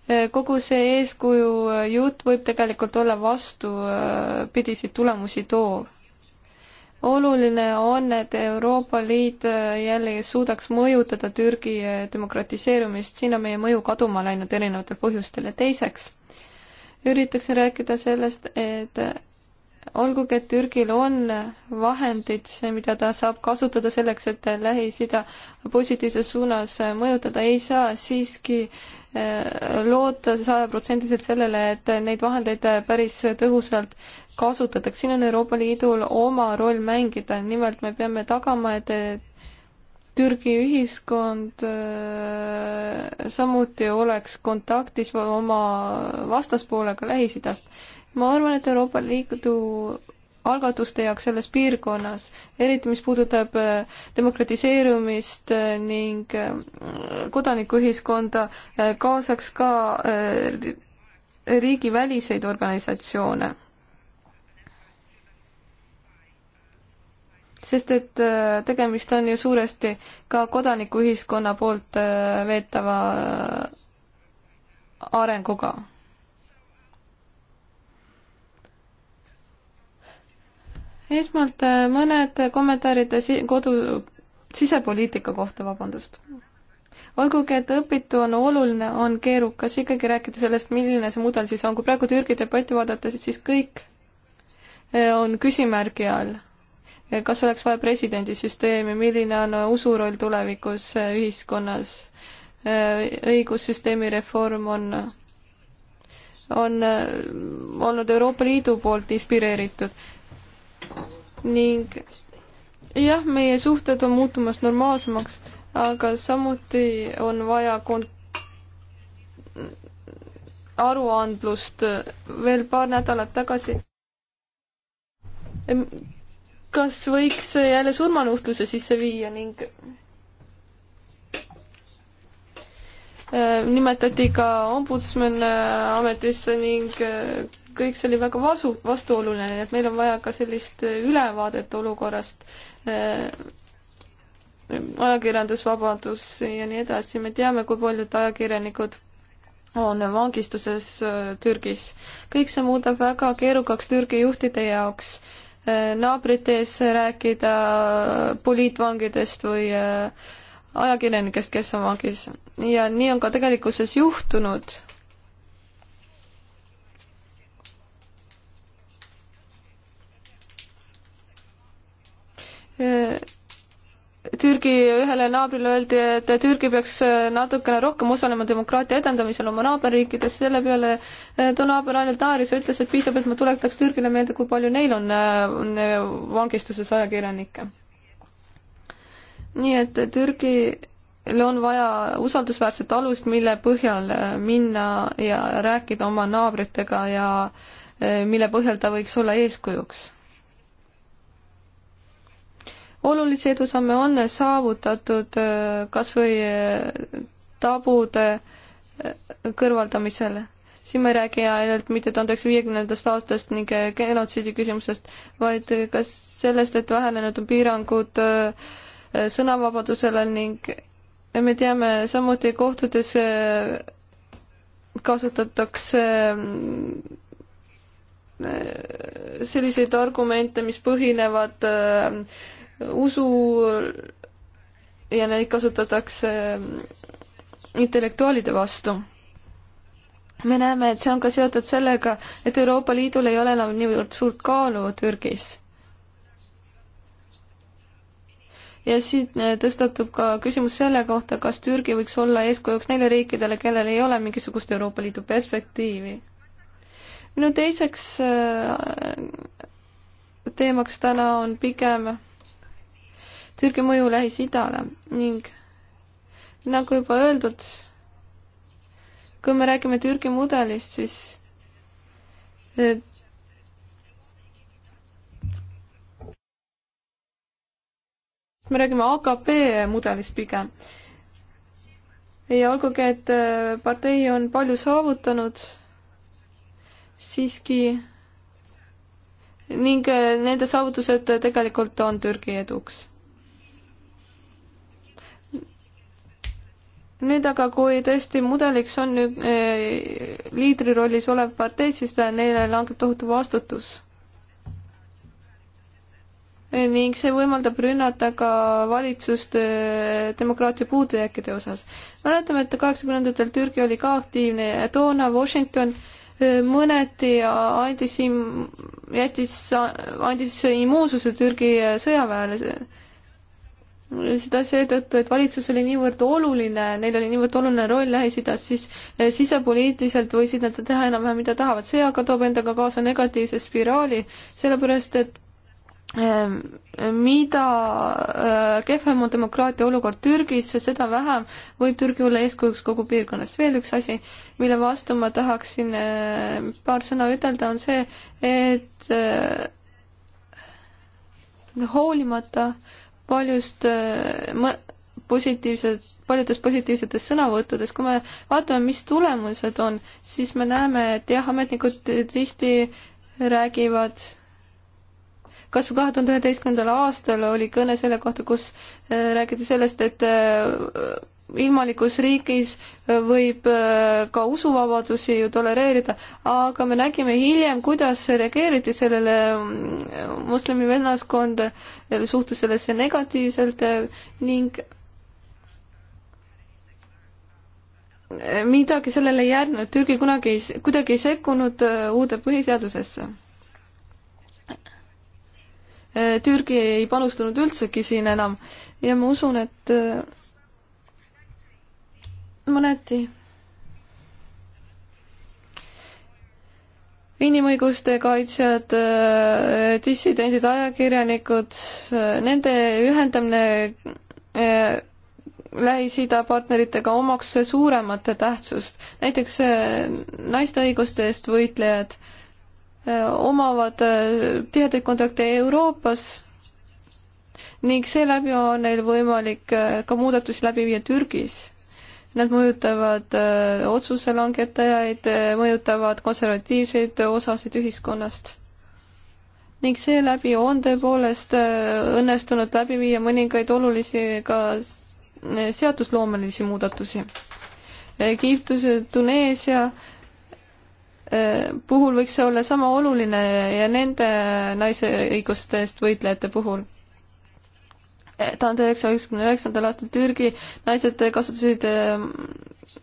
äh, kogu see eeskuju jutt võib tegelikult olla vastupidiseid tulemusi toov oluline on, et Euroopa Liit äh, jälle suudaks mõjutada Türgi äh, demokratiseerumist, siin on meie mõju kaduma läinud erinevatel põhjustel ja teiseks üritaksin rääkida sellest, et äh, olgugi, et Türgil on vahendid, mida ta saab kasutada selleks, et Lähis-Ida positiivses suunas mõjutada, ei saa siiski loota sajaprotsendiliselt sellele, et neid vahendeid päris tõhusalt kasutatakse, siin on Euroopa Liidul oma roll mängida, nimelt me peame tagama, et Türgi ühiskond äh, samuti oleks kontaktis oma vastaspoolega Lähis-Idast. ma arvan, et Euroopa Liidu algatuste jaoks selles piirkonnas, eriti mis puudutab äh, demokratiseerumist äh, ning kodanikuühiskonda, kaasaks ka riigiväliseid organisatsioone sest et äh, tegemist on ju suuresti ka kodanikuühiskonna poolt äh, veetava äh, arenguga. esmalt mõned kommentaarid si-, kodu, sisepoliitika kohta, vabandust. olgugi, et õpitu on oluline, on keerukas ikkagi rääkida sellest, milline see mudel siis on, kui praegu Türgi debatti vaadata, siis kõik on küsimärgi all kas oleks vaja presidendisüsteemi, milline on usu roll tulevikus äh, ühiskonnas? Äh, õigussüsteemi reform on, on äh, olnud Euroopa Liidu poolt inspireeritud ning jah, meie suhted on muutumas normaalsemaks, aga samuti on vaja kont-, aruandlust veel paar nädalat tagasi kas võiks jälle surmanuhtluse sisse viia ning äh, nimetati ka ombudsman äh, ametisse ning äh, kõik see oli väga vasu, vastuoluline, nii et meil on vaja ka sellist ülevaadet olukorrast, ajakirjandusvabadus ja nii edasi, me teame, kui paljud ajakirjanikud on vangistuses Türgis. kõik see muudab väga keerukaks Türgi juhtide jaoks äh, naabrite ees rääkida poliitvangidest või äh, ajakirjanikest, kes on vangis. ja nii on ka tegelikkuses juhtunud. Yeah äh, Türgi ühele naabrile öeldi, et Türgi peaks äh, natukene rohkem osalema demokraatia edendamisel oma naaberriikides, selle peale äh, too naaber ainult naeris ja ütles, et piisab, et ma tuletaks Türgile meelde, kui palju neil on äh, vangistuses ajakirjanikke. nii et Türgil on vaja usaldusväärset alust, mille põhjal minna ja rääkida oma naabritega ja mille põhjal ta võiks olla eeskujuks olulisi edusamme on saavutatud äh, kas või äh, tabude äh, kõrvaldamisel. siin ma ei räägi ainult mitte tuhande üheksasaja viiekümnendast aastast ning genotsiidi küsimusest, vaid ka sellest, et vähenenud on piirangud sõnavabadusele ning me teame samuti kohtades kasutatakse selliseid argumente, mis põhinevad äh, usu ja neid kasutatakse intellektuaalide vastu. me näeme, et see on ka seotud sellega, et Euroopa Liidul ei ole enam niivõrd suurt kaalu Türgis. ja siin eh, tõstatub ka küsimus selle kohta, kas Türgi võiks olla eeskujuks neile riikidele, kellel ei ole mingisugust Euroopa Liidu perspektiivi. minu teiseks eh, teemaks täna on pigem Türgi mõju Lähis-Idale ning nagu juba öeldud, kui me räägime Türgi mudelist, siis eh, me räägime AKP mudelist pigem. ja olgugi, et eh, partei on palju saavutanud, siiski ning eh, nende saavutused tegelikult on Türgi eduks. nüüd aga, kui tõesti mudeliks on nüüd eh, liidri rollis olev partei, siis neile langeb tohutu vastutus. Eh, ning see võimaldab rünnata ka valitsust eh, demokraatia puudujääkide osas. mäletame, et kaheksakümnendatel Türgi oli ka aktiivne ja toona Washington eh, mõneti andis, jättis, andis immuunsuse Türgi eh, sõjaväele seda seetõttu, et valitsus oli niivõrd oluline, neil oli niivõrd oluline roll Lähis-Idas, siis eh, sisepoliitiliselt võisid nad teha enam-vähem, mida tahavad. see aga toob endaga kaasa negatiivse spiraali, sellepärast et ehm, mida eh, kehvem on demokraatia olukord Türgis, seda vähem võib Türgi olla eeskujuks kogu piirkonnas. veel üks asi, mille vastu ma tahaksin eh, paar sõna ütelda, on see, et hoolimata äh, paljust äh, positiivset, paljudes positiivsetes sõnavõttudes, kui me vaatame, mis tulemused on, siis me näeme, et jah, ametnikud tihti räägivad kas või kahe tuhande üheteistkümnendal aastal oli kõne selle kohta, kus äh, räägiti sellest, et äh, ilmalikus riigis äh, võib äh, ka usuvabadusi ju tolereerida, aga me nägime hiljem, kuidas reageeriti sellele moslemi mm, vennaskonda, äh, suhtus sellesse negatiivselt ning midagi sellele ei järgnenud, Türgi kunagi ei, kuidagi ei sekkunud uude põhiseadusesse Türgi ei panustanud üldsegi siin enam ja ma usun, et mõneti inimõiguste kaitsjad, äh, dissidendid, ajakirjanikud, äh, nende ühendamine äh, Lähis-Ida partneritega omaks suuremat tähtsust. näiteks naiste õiguste eest võitlejad omavad tihedaid kontakte Euroopas ning seeläbi on neil võimalik ka muudatusi läbi viia Türgis Nad mõjutavad äh, otsuse langetajaid, äh, mõjutavad konservatiivseid osasid ühiskonnast. ning seeläbi on tõepoolest äh, õnnestunud läbi viia mõningaid olulisi ka seadusloomelisi muudatusi. Egiptuse, Tuneesia puhul võiks see olla sama oluline ja nende naise õiguste eest võitlejate puhul tuhande üheksasaja üheksakümne üheksandal aastal Türgi naised kasutasid ähm,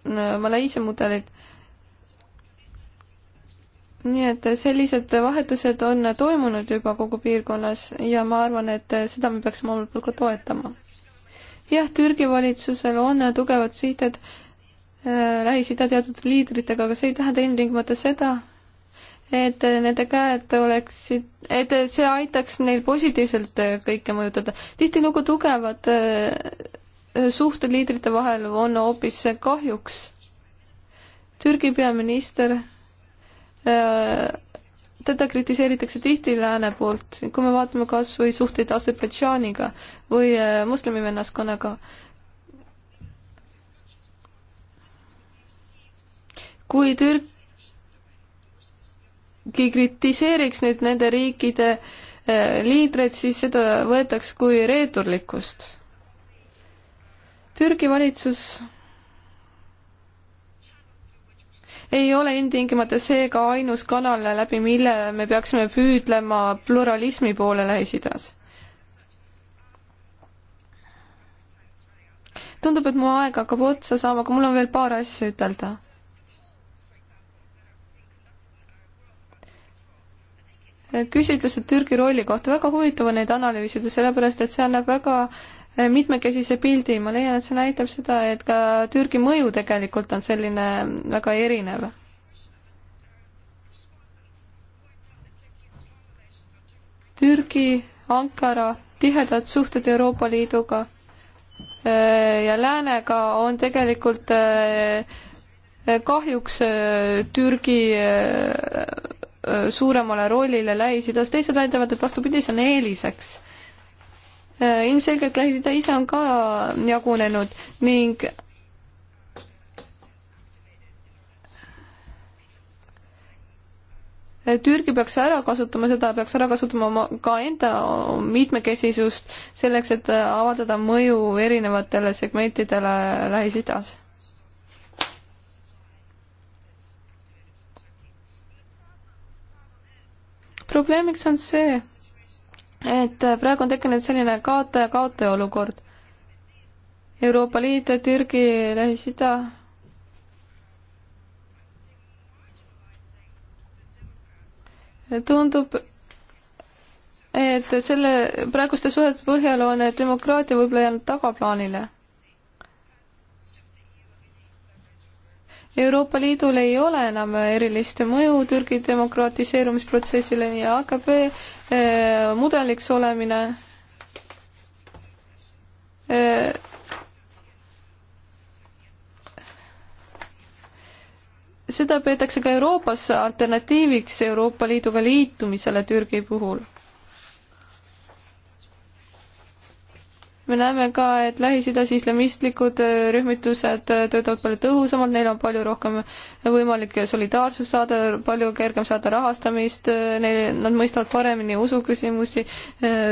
äh, Malaisia mudelit. nii et sellised vahetused on toimunud juba kogu piirkonnas ja ma arvan, et seda me peaksime omalt poolt ka toetama. jah, Türgi valitsusel on tugevad sihted äh, Lähis-Ida teatud liidritega, aga see ei tähenda ilmtingimata seda, et nende käed oleksid, et see aitaks neil positiivselt kõike mõjutada. tihtilugu tugevad äh, suhted liidrite vahel on hoopis kahjuks. Türgi peaminister, äh, teda kritiseeritakse tihti lääne poolt, kui me vaatame kas või suhteid Aserbaidžaaniga või äh, moslemi vennaskonnaga kui Türk kritiseeriks nüüd nende riikide eh, liidreid, siis seda võetaks kui reeturlikkust. Türgi valitsus ei ole ilmtingimata seega ainus kanal, läbi mille me peaksime püüdlema pluralismi poole Lähis-Idas. tundub, et mu aeg hakkab otsa saama, aga mul on veel paar asja ütelda. küsitlused Türgi rolli kohta, väga huvitav on neid analüüsida, sellepärast et see annab väga eh, mitmekesise pildi, ma leian, et see näitab seda, et ka Türgi mõju tegelikult on selline väga erinev. Türgi, Ankara, tihedad suhted Euroopa Liiduga eh, ja läänega on tegelikult eh, kahjuks Türgi Äh, suuremale rollile Lähis-Idas, teised väidavad, et vastupidi, see on eeliseks. Äh, ilmselgelt Lähis-Ida ise on ka jagunenud ning Türgi peaks ära kasutama seda, peaks ära kasutama oma, ka enda mitmekesisust selleks, et avaldada mõju erinevatele segmentidele Lähis-Idas probleemiks on see, et praegu on tekkinud selline kaotaja-kaotaja olukord. Euroopa Liit, Türgi, Lähis-Ida. tundub, et selle praeguste suhete põhjal on demokraatia võib-olla jäänud tagaplaanile Euroopa Liidul ei ole enam erilist mõju Türgi demokratiseerumisprotsessile ja AKP eh, mudeliks olemine eh, seda peetakse ka Euroopas alternatiiviks Euroopa Liiduga liitumisele Türgi puhul me näeme ka, et Lähis-Idas islamistlikud äh, rühmitused äh, töötavad palju tõhusamalt, neil on palju rohkem võimalik solidaarsust saada, palju kergem saada rahastamist, äh, neil, nad mõistavad paremini usuküsimusi,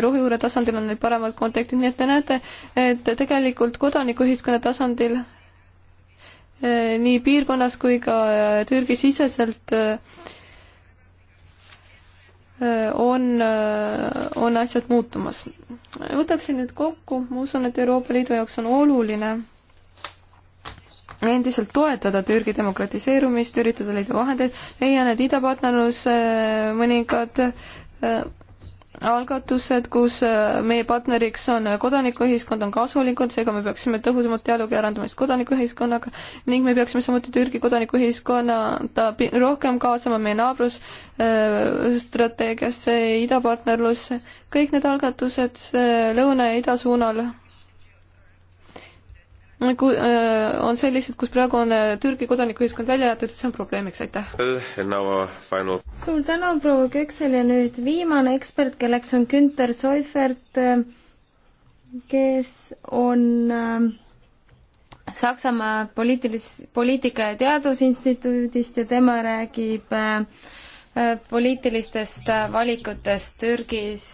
rohujuure tasandil on neil paremad kontaktid, nii et te näete, et tegelikult kodanikuühiskonna tasandil nii piirkonnas kui ka Türgi siseselt äh, on, on asjad muutumas. võtaksin nüüd kokku, ma usun, et Euroopa Liidu jaoks on oluline endiselt toetada Türgi demokratiseerumist, üritada leida vahendeid, leian, et idapartnerlus äh, mõningad äh, algatused, kus äh, meie partneriks on äh, kodanikuühiskond, on kasulikud, seega me peaksime tõhusamat dialoogi arendamist kodanikuühiskonnaga ning me peaksime samuti Türgi kodanikuühiskonda rohkem kaasama meie naabrusstrateegiasse, äh, idapartnerlusse, kõik need algatused lõuna ja ida suunal kui nagu, äh, on sellised, kus praegu on äh, Türgi kodanikuühiskond välja jäetud, see on probleemiks, aitäh. suur tänu, proua Köksel ja nüüd viimane ekspert, kelleks on Günter Seufert, äh, kes on Saksamaa poliitilis-, poliitika- ja teadusinstituudist ja tema räägib poliitilistest valikutest Türgis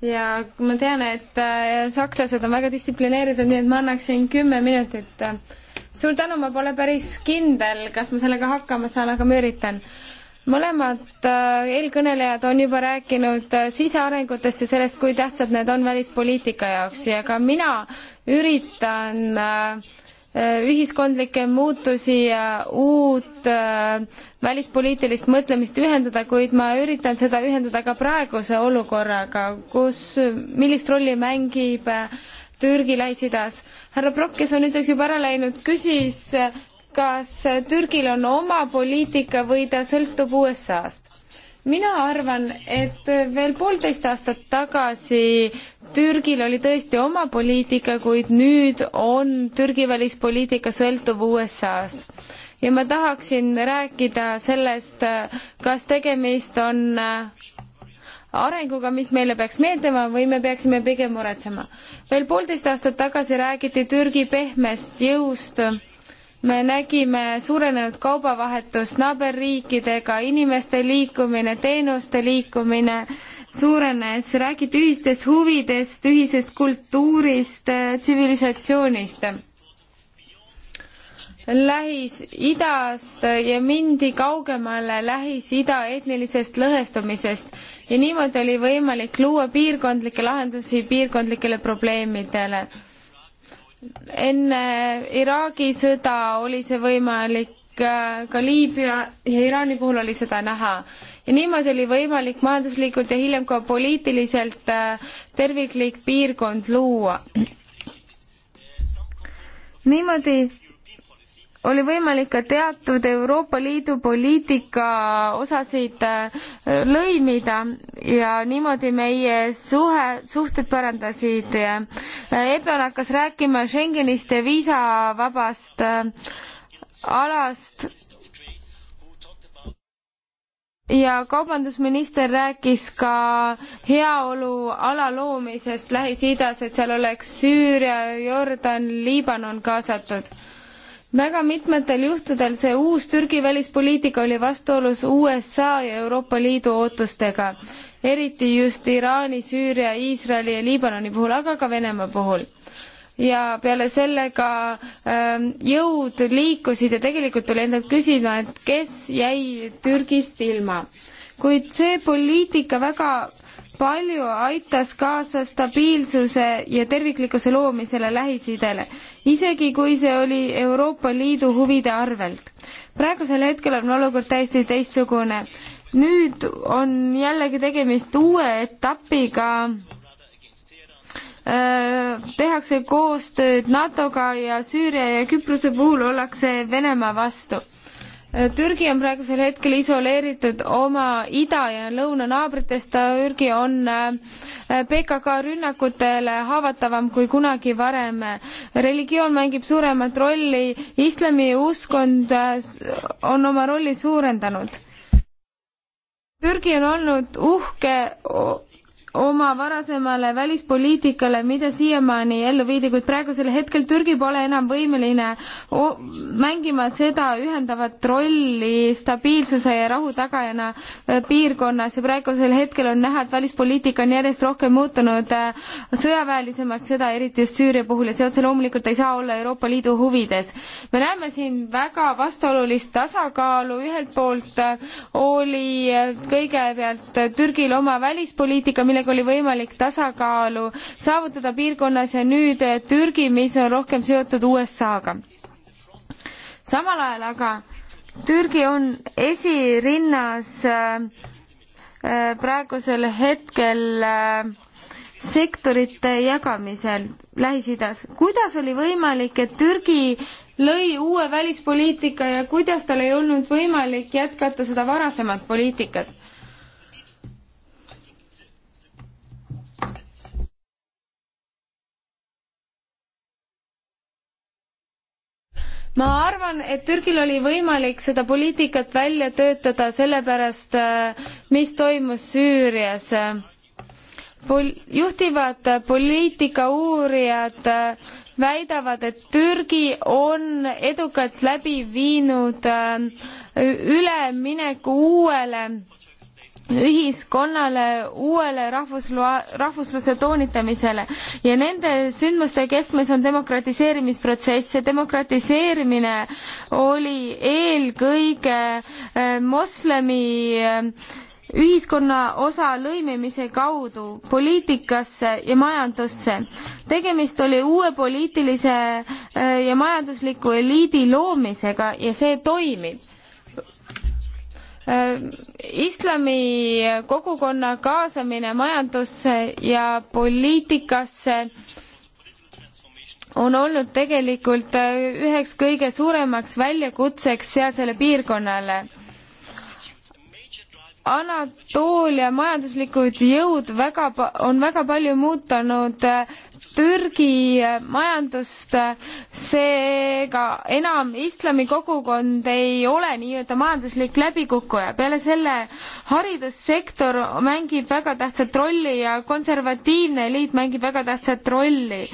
ja ma tean, et äh, sakslased on väga distsiplineeritud, nii et ma annaksin kümme minutit. suur tänu, ma pole päris kindel, kas ma sellega hakkama saan, aga ma üritan. mõlemad äh, eelkõnelejad on juba rääkinud äh, sisearengutest ja sellest, kui tähtsad need on välispoliitika jaoks ja ka mina üritan äh, Äh, ühiskondlikke muutusi ja uut äh, välispoliitilist mõtlemist ühendada, kuid ma üritan seda ühendada ka praeguse olukorraga, kus, millist rolli mängib äh, Türgi Lähis-Idas. härra Prokk, kes on nüüdseks juba ära läinud, küsis, kas Türgil on oma poliitika või ta sõltub USA-st? mina arvan, et veel poolteist aastat tagasi Türgil oli tõesti oma poliitika, kuid nüüd on Türgi välispoliitika sõltuv USA-st. ja ma tahaksin rääkida sellest, kas tegemist on äh, arenguga, mis meile peaks meeldima või me peaksime pigem muretsema. veel poolteist aastat tagasi räägiti Türgi pehmest jõust me nägime suurenenud kaubavahetust naaberriikidega, inimeste liikumine, teenuste liikumine suurenes, räägiti ühistest huvidest, ühisest kultuurist, tsivilisatsioonist. Lähis-Idast ja mindi kaugemale Lähis-Ida etnilisest lõhestumisest ja niimoodi oli võimalik luua piirkondlikke lahendusi piirkondlikele probleemidele enne Iraagi sõda oli see võimalik äh, ka Liibüa ja Iraani puhul oli seda näha. ja niimoodi oli võimalik majanduslikult ja hiljem ka poliitiliselt äh, terviklik piirkond luua. niimoodi oli võimalik ka teatud Euroopa Liidu poliitika osasid äh, lõimida ja niimoodi meie suhe, suhted parandasid. Äh, Erdoğan hakkas rääkima Schengenist ja viisavabast äh, alast ja kaubandusminister rääkis ka heaolu ala loomisest Lähis-Idas, et seal oleks Süüria, Jordan, Liibanon kaasatud väga mitmetel juhtudel see uus Türgi välispoliitika oli vastuolus USA ja Euroopa Liidu ootustega, eriti just Iraani, Süüria, Iisraeli ja Liibanoni puhul, aga ka Venemaa puhul ja peale selle ka ähm, jõud liikusid ja tegelikult tuli endalt küsima, et kes jäi Türgist ilma. kuid see poliitika väga äh, palju aitas kaasa stabiilsuse ja terviklikkuse loomisele Lähis-Idele, isegi kui see oli Euroopa Liidu huvide arvelt. praegusel hetkel on olukord täiesti teistsugune. nüüd on jällegi tegemist uue etapiga tehakse koostööd NATO-ga ja Süüria ja Küprose puhul ollakse Venemaa vastu. Türgi on praegusel hetkel isoleeritud oma ida ja lõunanaabritest, Türgi on äh, PKK rünnakutele haavatavam kui kunagi varem. religioon mängib suuremat rolli, islamiuskond äh, on oma rolli suurendanud. Türgi on olnud uhke oma varasemale välispoliitikale, mida siiamaani ellu viidi, kuid praegusel hetkel Türgi pole enam võimeline mängima seda ühendavat rolli stabiilsuse ja rahu tagajana äh, piirkonnas ja praegusel hetkel on näha, et välispoliitika on järjest rohkem muutunud äh, sõjaväelisemaks, seda eriti just Süüria puhul ja see otse loomulikult ei saa olla Euroopa Liidu huvides. me näeme siin väga vastuolulist tasakaalu, ühelt poolt äh, oli kõigepealt Türgil oma välispoliitika, mille millega oli võimalik tasakaalu saavutada piirkonnas ja nüüd eh, Türgi, mis on rohkem seotud USA-ga. samal ajal aga Türgi on esirinnas eh, eh, praegusel hetkel sektorite jagamisel Lähis-Idas. kuidas oli võimalik, et Türgi lõi uue välispoliitika ja kuidas tal ei olnud võimalik jätkata seda varasemat poliitikat? ma arvan, et Türgil oli võimalik seda poliitikat välja töötada sellepärast, äh, mis toimus Süürias Pol. juhtivad poliitikauurijad äh, väidavad, et Türgi on edukalt läbi viinud äh, ülemineku uuele ühiskonnale, uuele rahvusloa, rahvusluse toonitamisele ja nende sündmuste keskmes on demokratiseerimisprotsess ja demokratiseerimine oli eelkõige äh, moslemi äh, ühiskonna osa lõimimise kaudu poliitikasse ja majandusse. tegemist oli uue poliitilise äh, ja majandusliku eliidi loomisega ja see toimib Äh, islami kogukonna kaasamine majandusse ja poliitikasse on olnud tegelikult äh, üheks kõige suuremaks väljakutseks sealsele piirkonnale Anatoolia majanduslikud jõud väga, on väga palju muutanud äh, Türgi äh, majandust, äh, seega enam islami kogukond ei ole nii-öelda majanduslik läbikukkuja. peale selle haridussektor mängib väga tähtsat rolli ja konservatiivne eliit mängib väga tähtsat rolli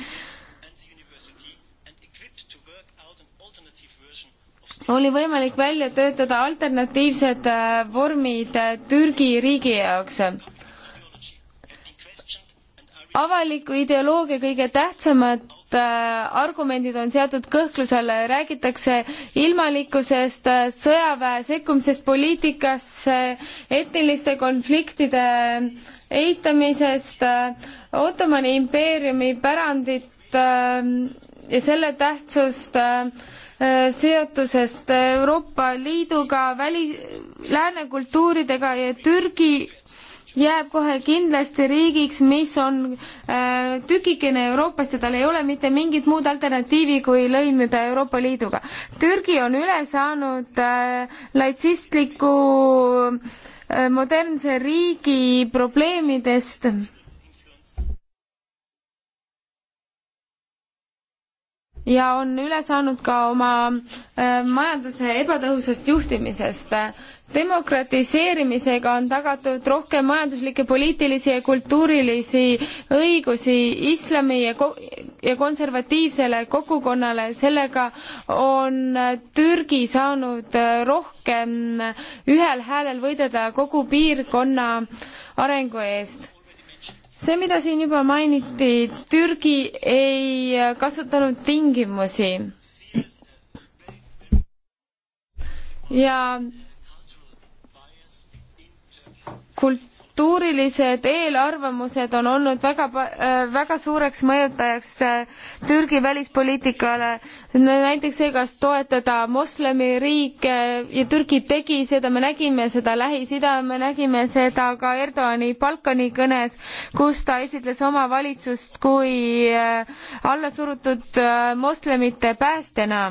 oli võimalik välja töötada alternatiivsed äh, vormid äh, Türgi riigi jaoks. avaliku ideoloogia kõige tähtsamad äh, argumendid on seatud kõhklusele, räägitakse ilmalikkusest, sõjaväe sekkumisest poliitikasse, etniliste konfliktide eitamisest, Ottomani impeeriumi pärandit ja selle tähtsust äh, Äh, seotusest Euroopa Liiduga, väli, lääne kultuuridega ja Türgi jääb kohe kindlasti riigiks, mis on äh, tükikene Euroopast ja tal ei ole mitte mingit muud alternatiivi, kui lõimuda Euroopa Liiduga. Türgi on üle saanud äh, laitsistliku äh, modernse riigi probleemidest ja on üle saanud ka oma äh, majanduse ebatõhusast juhtimisest. demokratiseerimisega on tagatud rohkem majanduslikke, poliitilisi ja kultuurilisi õigusi islami ja, ko ja konservatiivsele kogukonnale, sellega on äh, Türgi saanud äh, rohkem ühel häälel võidelda kogu piirkonna arengu eest see, mida siin juba mainiti, Türgi ei kasutanud tingimusi. ja kult-, kultuurilised eelarvamused on olnud väga, äh, väga suureks mõjutajaks äh, Türgi välispoliitikale. näiteks see, kas toetada moslemiriike äh, ja Türgi tegi seda, me nägime seda Lähis-Ida, me nägime seda ka Erdoani Balkani kõnes, kus ta esitles oma valitsust kui allasurutud moslemite päästjana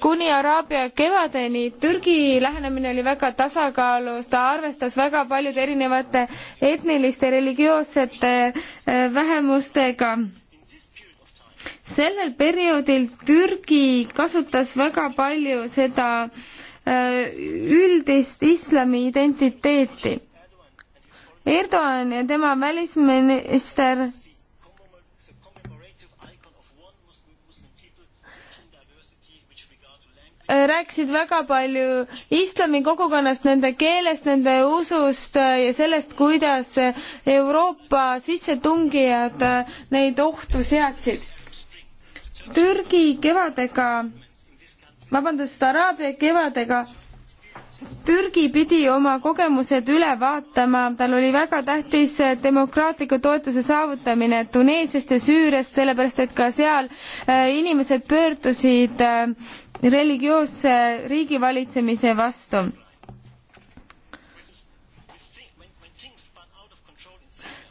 kuni Araabia kevadeni. Türgi lähenemine oli väga tasakaalus, ta arvestas väga paljude erinevate etniliste, religioossete eh, vähemustega. sellel perioodil Türgi kasutas väga palju seda eh, üldist islami identiteeti. Erdoğan ja tema välisminister Äh, rääkisid väga palju islami kogukonnast, nende keelest, nende usust äh, ja sellest, kuidas äh, Euroopa sissetungijad neid ohtu seadsid. Türgi kevadega, vabandust, Araabia kevadega Türgi pidi oma kogemused üle vaatama, tal oli väga tähtis demokraatliku toetuse saavutamine Tuneesiast ja Süüriast, sellepärast et ka seal inimesed pöördusid religioosse riigivalitsemise vastu.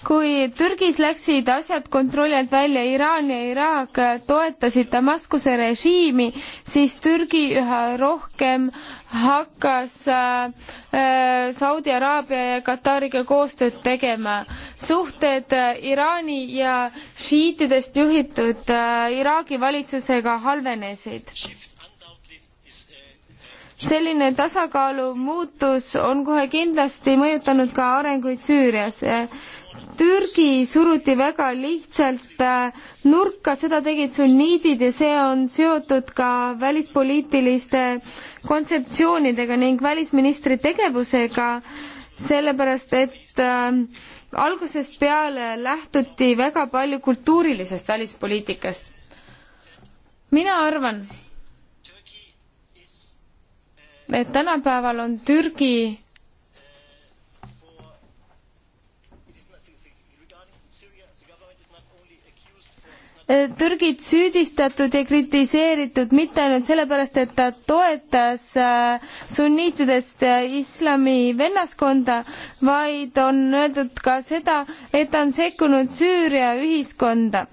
kui Türgis läksid asjad kontrolli alt välja, Iraan ja Iraak toetasid Damaskuse režiimi, siis Türgi üha rohkem hakkas äh, Saudi Araabia ja Katariga koostööd tegema. suhted äh, Iraani ja šiitidest juhitud äh, Iraagi valitsusega halvenesid selline tasakaalu muutus on kohe kindlasti mõjutanud ka arenguid Süürias. Türgi suruti väga lihtsalt äh, nurka, seda tegid sunniidid ja see on seotud ka välispoliitiliste kontseptsioonidega ning välisministri tegevusega, sellepärast et äh, algusest peale lähtuti väga palju kultuurilisest välispoliitikast. mina arvan, et tänapäeval on Türgi Türgit süüdistatud ja kritiseeritud mitte ainult sellepärast, et ta toetas äh, sunniitidest äh, islami vennaskonda, vaid on öeldud ka seda, et ta on sekkunud Süüria ühiskonda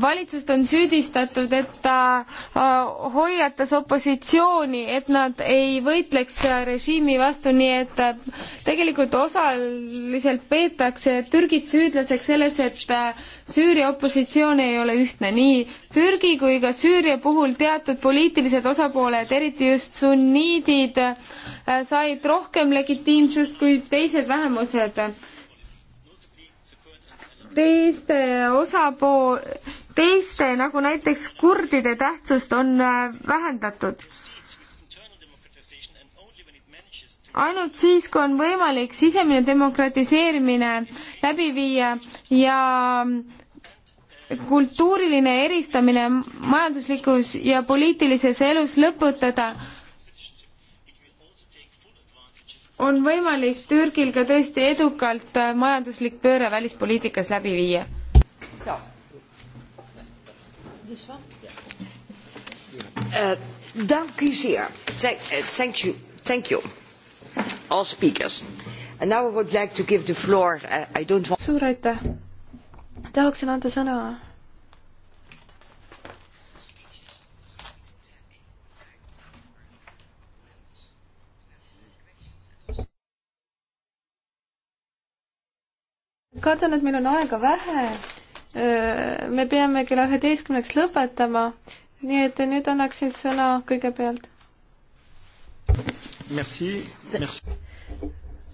valitsust on süüdistatud, et ta äh, hoiatas opositsiooni, et nad ei võitleks režiimi vastu, nii et äh, tegelikult osaliselt peetakse Türgit süüdlaseks selles, et äh, Süüria opositsioon ei ole ühtne. nii Türgi kui ka Süüria puhul teatud poliitilised osapooled, eriti just sunniidid, said rohkem legitiimsust kui teised vähemused teiste osapool, teiste, nagu näiteks kurdide tähtsust on äh, vähendatud. ainult siis, kui on võimalik sisemine demokratiseerimine läbi viia ja kultuuriline eristamine majanduslikus ja poliitilises elus lõputada, on võimalik Türgil ka tõesti edukalt äh, majanduslik pööre välispoliitikas läbi viia this one? Yeah. Uh, Dank u zeer. Thank, uh, thank you. Thank you. All speakers. And now I would like to give the floor. Uh, I don't want... Suur aitäh. Tahaksin anda sõna kardan, et meil on aega vähe me peame kella üheteistkümneks lõpetama, nii et nüüd annaksin sõna kõigepealt.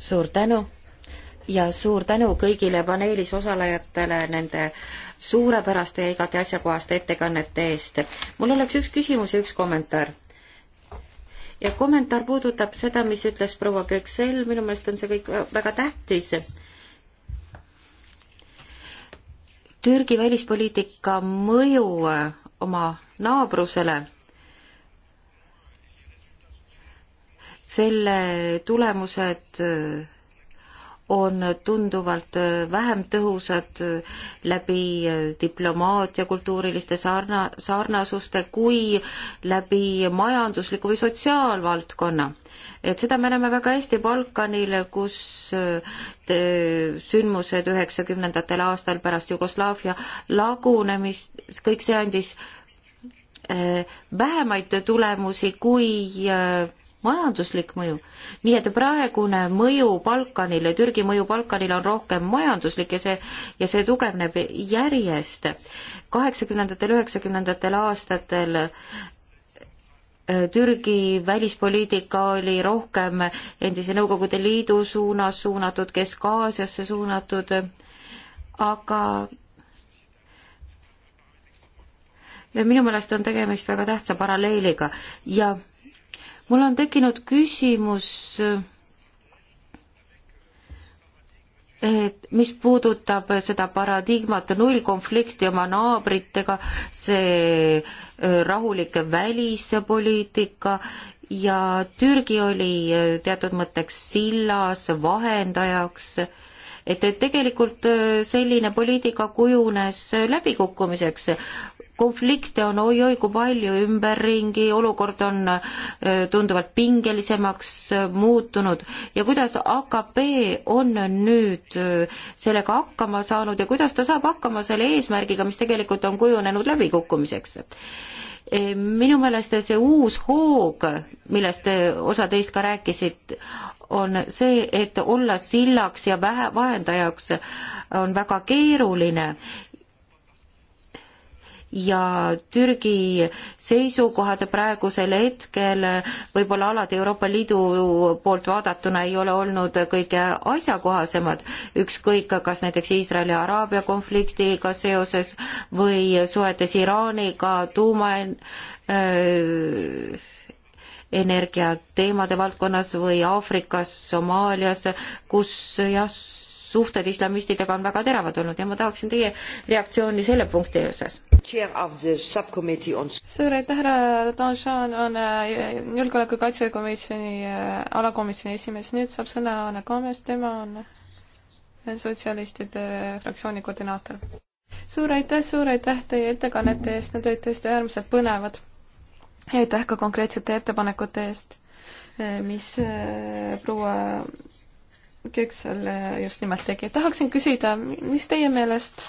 suur tänu ja suur tänu kõigile paneelis osalejatele nende suurepäraste ja igati asjakohaste ettekannete eest. mul oleks üks küsimus ja üks kommentaar ja kommentaar puudutab seda, mis ütles proua Köksel, minu meelest on see kõik väga tähtis. Türgi välispoliitika mõju äh, oma naabrusele, selle tulemused äh, on tunduvalt äh, vähem tõhusad äh, läbi äh, diplomaatia kultuuriliste sarna, sarnasuste kui läbi majandusliku või sotsiaalvaldkonna. et seda me näeme väga hästi Balkanil, kus te, sündmused üheksakümnendatel aastal pärast Jugoslaavia lagunemist, kõik see andis vähemaid tulemusi kui majanduslik mõju. nii et praegune mõju Balkanile, Türgi mõju Balkanile on rohkem majanduslik ja see, ja see tugevneb järjest. kaheksakümnendatel, üheksakümnendatel aastatel äh, Türgi välispoliitika oli rohkem endise Nõukogude Liidu suunas suunatud, Kesk-Aasiasse suunatud, aga ja minu meelest on tegemist väga tähtsa paralleeliga ja mul on tekkinud küsimus, et mis puudutab seda paradigmat nullkonflikti oma naabritega, see äh, rahulik välispoliitika ja Türgi oli äh, teatud mõtteks sillas, vahendajaks, et tegelikult äh, selline poliitika kujunes läbikukkumiseks konflikte on oi-oi kui palju ümberringi, olukord on äh, tunduvalt pingelisemaks äh, muutunud ja kuidas AKP on nüüd äh, sellega hakkama saanud ja kuidas ta saab hakkama selle eesmärgiga, mis tegelikult on kujunenud läbikukkumiseks? minu meelest see uus hoog, millest osa teist ka rääkisid, on see, et olla sillaks ja vähe vahendajaks on väga keeruline ja Türgi seisukohad praegusel hetkel võib-olla alati Euroopa Liidu poolt vaadatuna ei ole olnud kõige asjakohasemad, ükskõik kas näiteks Iisraeli ja Araabia konfliktiga seoses või suhetes Iraaniga tuuma äh, energiateemade valdkonnas või Aafrikas, Somaalias, kus jah, suhted islamistidega on väga teravad olnud ja ma tahaksin teie reaktsiooni selle punkti osas. suur aitäh, härra Danšan on äh, julgeoleku kaitsekomisjoni äh, alakomisjoni esimees, nüüd saab sõna Anne Kaames, tema on sotsialistide fraktsiooni koordinaator. suur aitäh, suur aitäh teie ettekannete eest, need olid tõesti äärmiselt põnevad. aitäh ka konkreetsete ettepanekute eest, äh, mis proua kes selle eh, just nimelt tegi. tahaksin küsida, mis teie meelest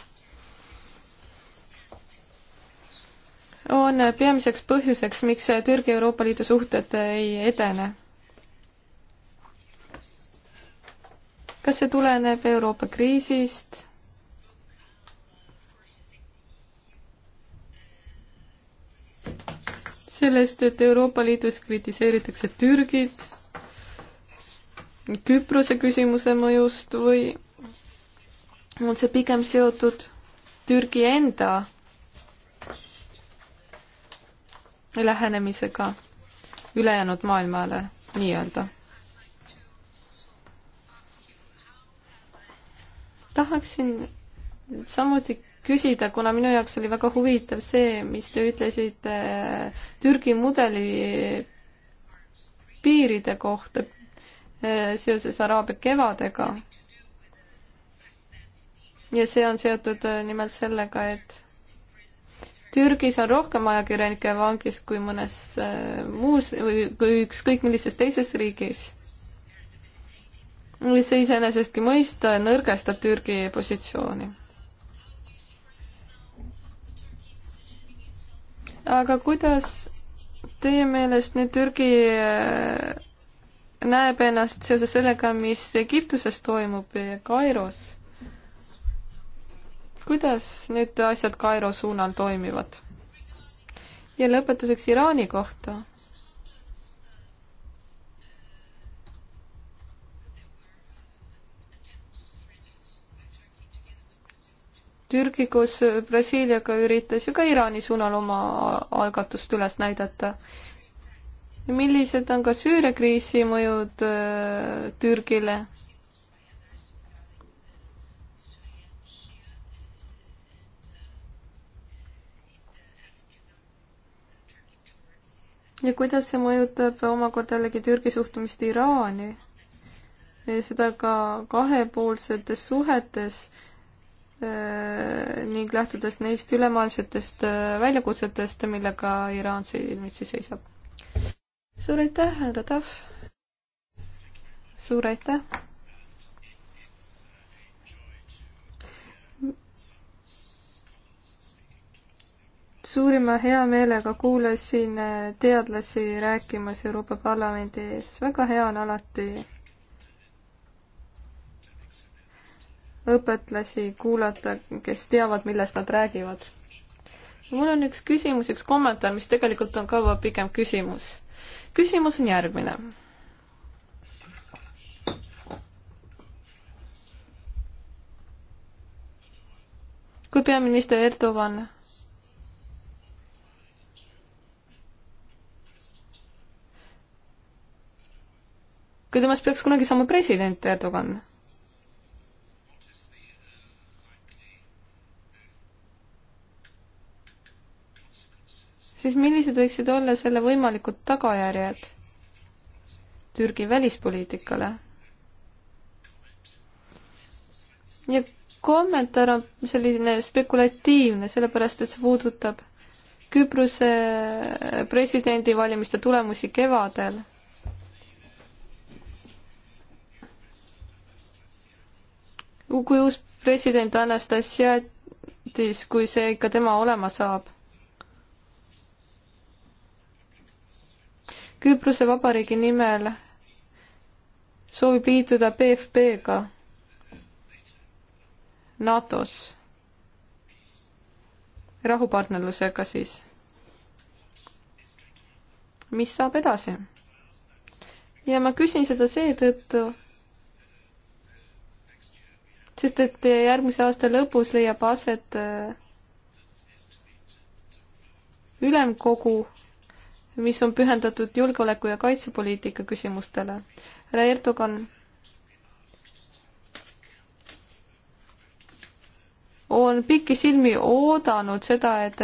on peamiseks põhjuseks, miks Türgi Euroopa Liidu suhted ei edene? kas see tuleneb Euroopa kriisist? sellest, et Euroopa Liidus kritiseeritakse Türgit Küprose küsimuse mõjust või on see pigem seotud Türgi enda lähenemisega ülejäänud maailmale nii-öelda? tahaksin samuti küsida, kuna minu jaoks oli väga huvitav see, mis te ütlesite Türgi mudeli piiride kohta Äh, seoses Araabia kevadega. ja see on seotud äh, nimelt sellega, et Türgis on rohkem ajakirjanikke vangis kui mõnes äh, muus või kui ükskõik millises teises riigis. mis iseenesestki mõista nõrgestab Türgi positsiooni. aga kuidas teie meelest nüüd Türgi näeb ennast seoses sellega, mis Egiptuses toimub Kairos. kuidas nüüd asjad Kairo suunal toimivad? ja lõpetuseks Iraani kohta Türgi koos Brasiiliaga üritas ju ka Iraani suunal oma algatust üles näidata millised on ka Süüria kriisi mõjud äh, Türgile? ja kuidas see mõjutab omakorda jällegi Türgi suhtumist Iraani? seda ka kahepoolsetes suhetes äh, ning lähtudes neist ülemaailmsetest äh, väljakutsetest, millega Iraan silmitsi seisab suur aitäh, härra Tahv. suur aitäh. suurima heameelega kuulasin eh, teadlasi rääkimas Euroopa Parlamendi ees. väga hea on alati õpetlasi kuulata, kes teavad, millest nad räägivad. mul on üks küsimus, üks kommentaar, mis tegelikult on ka pigem küsimus küsimus on järgmine. kui peaminister Erdogan kui temast peaks kunagi saama president Erdogan siis millised võiksid olla selle võimalikud tagajärjed Türgi välispoliitikale? ja kommentaar on selline spekulatiivne, sellepärast et see puudutab Küprose presidendivalimiste tulemusi kevadel. kui uus president Anastasiadis, kui see ikka tema olema saab Küprose Vabariigi nimel soovib liituda BFP-ga NATO-s, rahupartnerlusega siis. mis saab edasi? ja ma küsin seda seetõttu, sest et järgmise aasta lõpus leiab aset äh, ülemkogu mis on pühendatud julgeoleku- ja kaitsepoliitika küsimustele. härra Erdogan on pikisilmi oodanud seda, et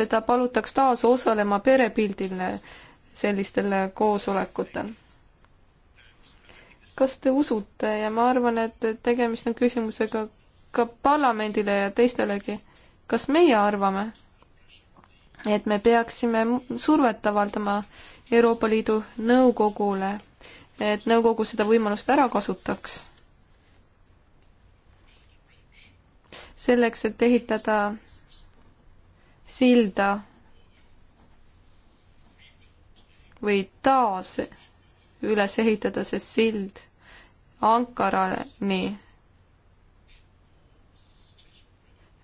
teda palutaks taas osalema perepildil sellistel koosolekutel. kas te usute ja ma arvan, et tegemist on küsimusega ka parlamendile ja teistelegi, kas meie arvame, et me peaksime survet avaldama Euroopa Liidu Nõukogule, et nõukogu seda võimalust ära kasutaks. selleks, et ehitada silda või taas üles ehitada see sild Ankarani,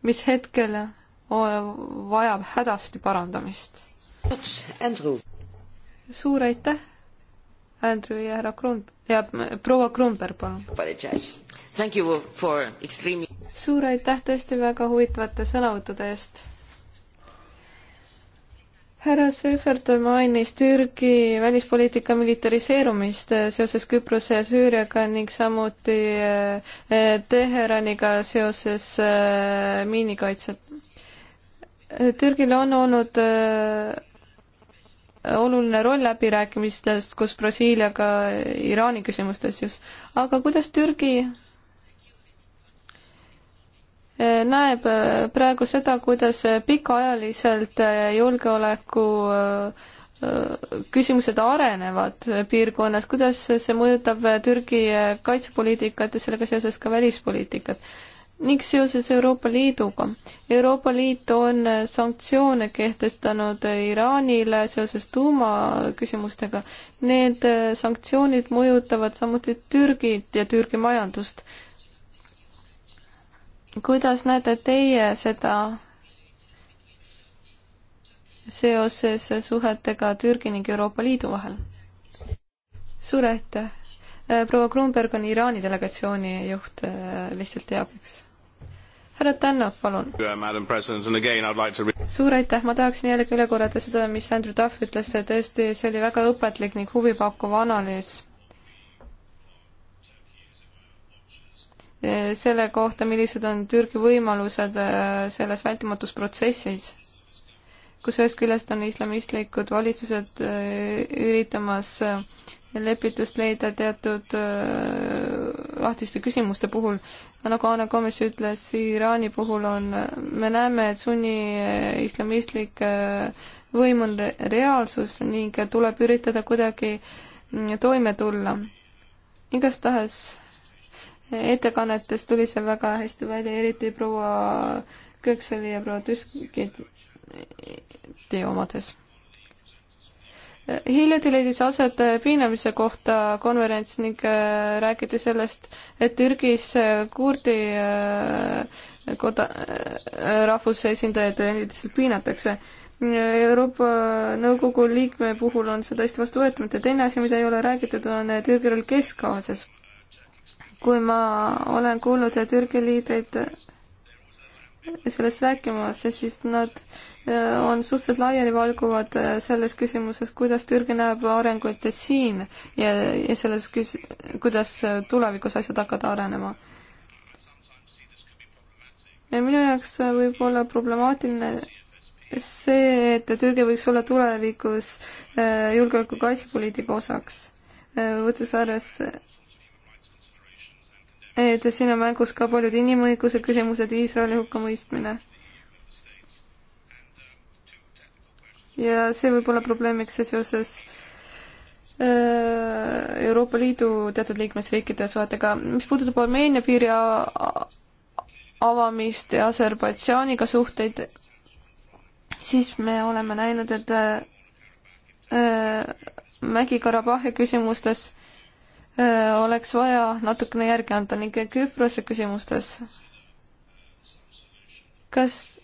mis hetkel vajab hädasti parandamist. suur aitäh, Andrew ja härra Kroon- ja proua Kroonberg, palun. Extremely... suur aitäh tõesti väga huvitavate sõnavõttude eest härra Seifert mainis Türgi välispoliitika militariseerumist seoses Küprose ja Süüriaga ning samuti eh, eh, Teheraniga seoses eh, miinikaitset Türgil on olnud äh, oluline roll läbirääkimistes, kus Brasiiliaga Iraani küsimustes just, aga kuidas Türgi äh, näeb äh, praegu seda, kuidas pikaajaliselt julgeoleku küsimused arenevad piirkonnas, kuidas see mõjutab Türgi kaitsepoliitikat ja sellega seoses ka välispoliitikat? ning seoses Euroopa Liiduga. Euroopa Liit on sanktsioone kehtestanud Iraanile seoses tuumaküsimustega. Need sanktsioonid mõjutavad samuti Türgit ja Türgi majandust. kuidas näete teie seda seoses suhetega Türgi ning Euroopa Liidu vahel? suur aitäh! proua Kruunberg on Iraani delegatsiooni juht, lihtsalt teab, eks härra Tänak, palun. suur aitäh, ma tahaksin jällegi üle korrata seda, mis Andrew Duff ütles, tõesti, see oli väga õpetlik ning huvipakkuv analüüs eh, selle kohta, millised on Türgi võimalused eh, selles vältimatus protsessis, kus ühest küljest on islamistlikud valitsused eh, üritamas lepitust leida teatud äh, lahtiste küsimuste puhul. nagu Anne Komes ütles, Iraani puhul on, me näeme, et sunni äh, islamistlik äh, võim on reaalsus ning tuleb üritada kuidagi mm, toime tulla. igastahes ettekannetest tuli see väga hästi välja, eriti proua Kökseli ja proua Tüskiti omades hiljuti leidis aset äh, piinamise kohta konverents ning äh, räägiti sellest, et Türgis äh, kurdi koda-, rahvuse esindajaid endiselt piinatakse. Euroopa Nõukogu liikme puhul on see tõesti vastuvõetamata. teine asi, mida ei ole räägitud, on Türgi roll Kesk-Aasias. kui ma olen kuulnud Türgi liidreid sellest rääkimas, siis nad äh, on suhteliselt laialivalguvad äh, selles küsimuses, kuidas Türgi näeb arenguid siin ja, ja selles küs-, kuidas äh, tulevikus asjad hakkavad arenema. ja minu jaoks võib olla problemaatiline see, et Türgi võiks olla tulevikus julgeoleku kaitsepoliitika osaks, võttes arvesse et siin on mängus ka paljud inimõiguse küsimused, Iisraeli hukkamõistmine. ja see võib olla probleemiks seoses äh, Euroopa Liidu teatud liikmesriikide suhetega. mis puudutab Armeenia piiri avamist ja Aserbaidžaaniga suhteid, siis me oleme näinud, et äh, äh, Mägi-Karabahhi küsimustes äh, oleks vaja natukene järgi anda ning Küprose küsimustes. kas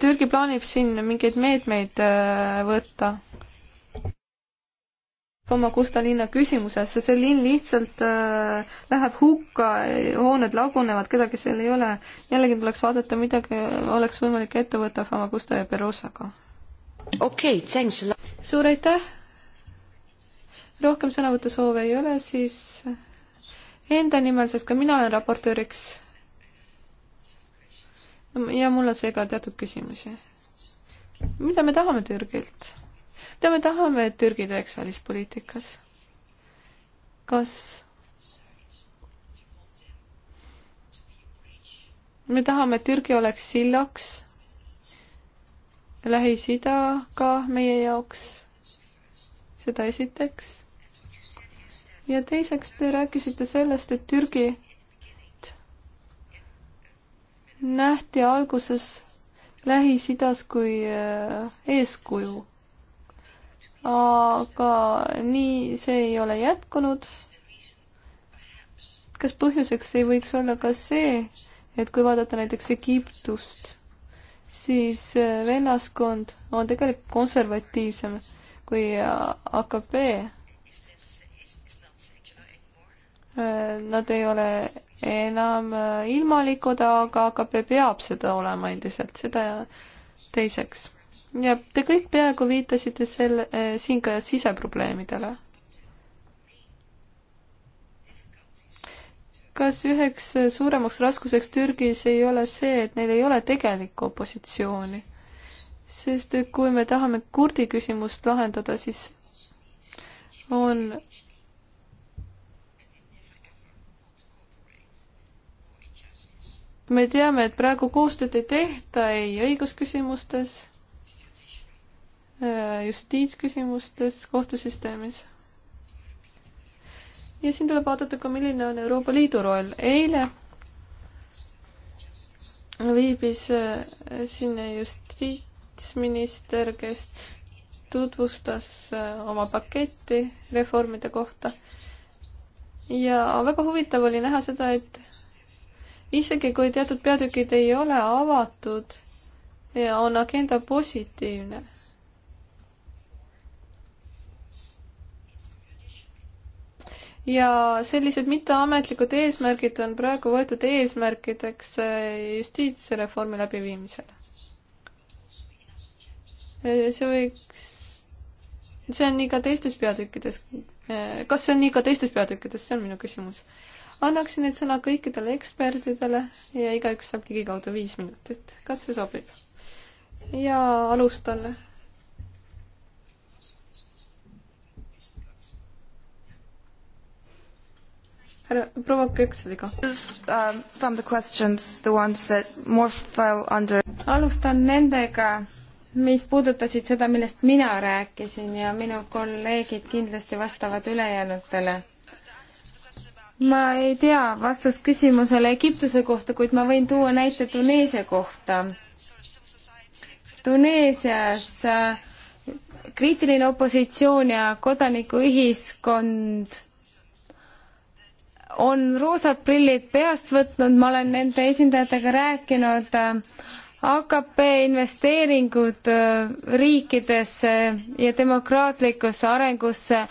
Türgi plaanib siin mingeid meetmeid võtta? Famagusta linna küsimuses, see linn lihtsalt äh, läheb hukka, hooned lagunevad, kedagi seal ei ole. jällegi tuleks vaadata, midagi oleks võimalik ette võtta Famagusta ja Perusaga. okei okay,, thanks. suur aitäh rohkem sõnavõtusoove ei ole, siis enda nimel, sest ka mina olen raportööriks. ja mul on seega teatud küsimusi. mida me tahame Türgilt? mida me tahame, et Türgi teeks välispoliitikas? kas me tahame, et Türgi oleks sillaks Lähis-Idaga meie jaoks, seda esiteks ja teiseks te rääkisite sellest, et Türgi nähti alguses Lähis-Idas kui äh, eeskuju. aga nii see ei ole jätkunud. kas põhjuseks ei võiks olla ka see, et kui vaadata näiteks Egiptust, siis äh, vennaskond on tegelikult konservatiivsem kui AKP Nad ei ole enam äh, ilmalikud, aga AKP peab seda olema endiselt, seda teiseks. ja te kõik peaaegu viitasite selle, äh, siin ka siseprobleemidele. kas üheks äh, suuremaks raskuseks Türgis ei ole see, et neil ei ole tegelikku opositsiooni? sest kui me tahame kurdi küsimust lahendada, siis on me teame, et praegu koostööd ei tehta ei õigusküsimustes, äh, justiitsküsimustes, kohtusüsteemis. ja siin tuleb vaadata ka, milline on Euroopa Liidu roll. eile viibis äh, siin justiitsminister, kes tutvustas äh, oma paketti reformide kohta. ja väga huvitav oli näha seda, et isegi kui teatud peatükid ei ole avatud ja on agenda positiivne. ja sellised mitteametlikud eesmärgid on praegu võetud eesmärkideks äh, justiitsreformi läbiviimisel. see võiks, see on nii ka teistes peatükkides. Äh, kas see on nii ka teistes peatükkides, see on minu küsimus annaksin nüüd sõna kõikidele ekspertidele ja igaüks saab ligikaudu viis minutit. kas see sobib? ja alustan. härra, proua Kökseliga. Um, from the questions, the ones that more fell under. alustan nendega, mis puudutasid seda, millest mina rääkisin ja minu kolleegid kindlasti vastavad ülejäänutele ma ei tea vastust küsimusele Egiptuse kohta, kuid ma võin tuua näite Tuneesia kohta. Tuneesias äh, kriitiline opositsioon ja kodanikuühiskond on roosad prillid peast võtnud, ma olen nende esindajatega rääkinud AKP investeeringud äh, riikidesse ja demokraatlikusse arengusse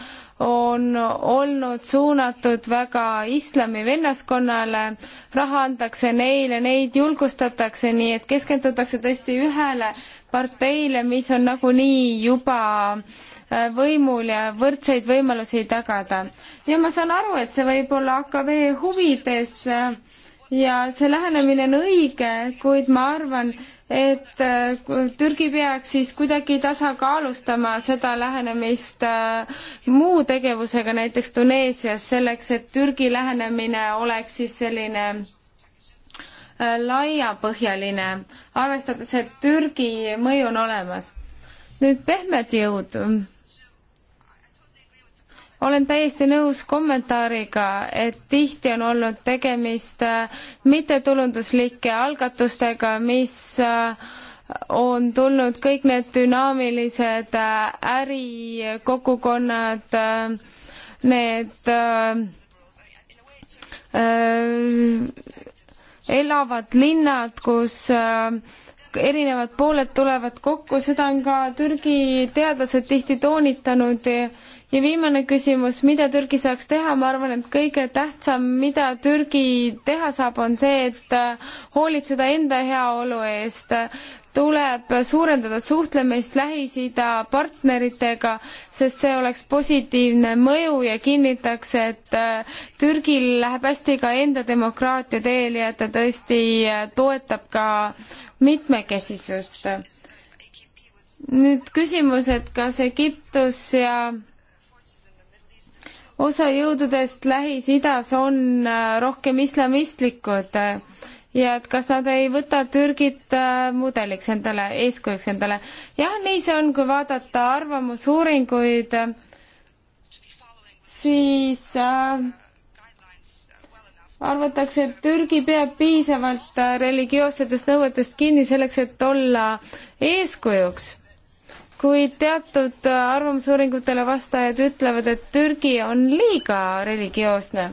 on olnud suunatud väga islami vennaskonnale, raha antakse neile, neid julgustatakse, nii et keskendutakse tõesti ühele parteile, mis on nagunii juba äh, võimul ja võrdseid võimalusi tagada. ja ma saan aru, et see võib olla AKV huvides äh, ja see lähenemine on õige, kuid ma arvan, et äh, Türgi peaks siis kuidagi tasakaalustama seda lähenemist äh, muu tegevusega, näiteks Tuneesias, selleks et Türgi lähenemine oleks siis selline äh, laiapõhjaline, arvestades, et Türgi mõju on olemas. nüüd pehmed jõud olen täiesti nõus kommentaariga, et tihti on olnud tegemist äh, mittetulunduslike algatustega, mis äh, on tulnud kõik need dünaamilised äh, ärikogukonnad, need elavad linnad, kus erinevad pooled tulevad kokku, seda on ka Türgi teadlased tihti toonitanud ja ja viimane küsimus, mida Türgi saaks teha, ma arvan, et kõige tähtsam, mida Türgi teha saab, on see, et äh, hoolitseda enda heaolu eest, tuleb suurendada suhtlemist Lähis-Ida partneritega, sest see oleks positiivne mõju ja kinnitaks, et äh, Türgil läheb hästi ka enda demokraatia teel ja et ta tõesti äh, toetab ka mitmekesisust. nüüd küsimus, et kas Egiptus ja osa jõududest Lähis-Idas on äh, rohkem islamistlikud äh, ja et kas nad ei võta Türgit äh, mudeliks endale, eeskujuks endale. jah, nii see on, kui vaadata arvamusuuringuid, siis äh, arvatakse, et Türgi peab piisavalt religioossetest nõuetest kinni selleks, et olla eeskujuks kuid teatud arvamusuuringutele vastajad ütlevad, et Türgi on liiga religioosne.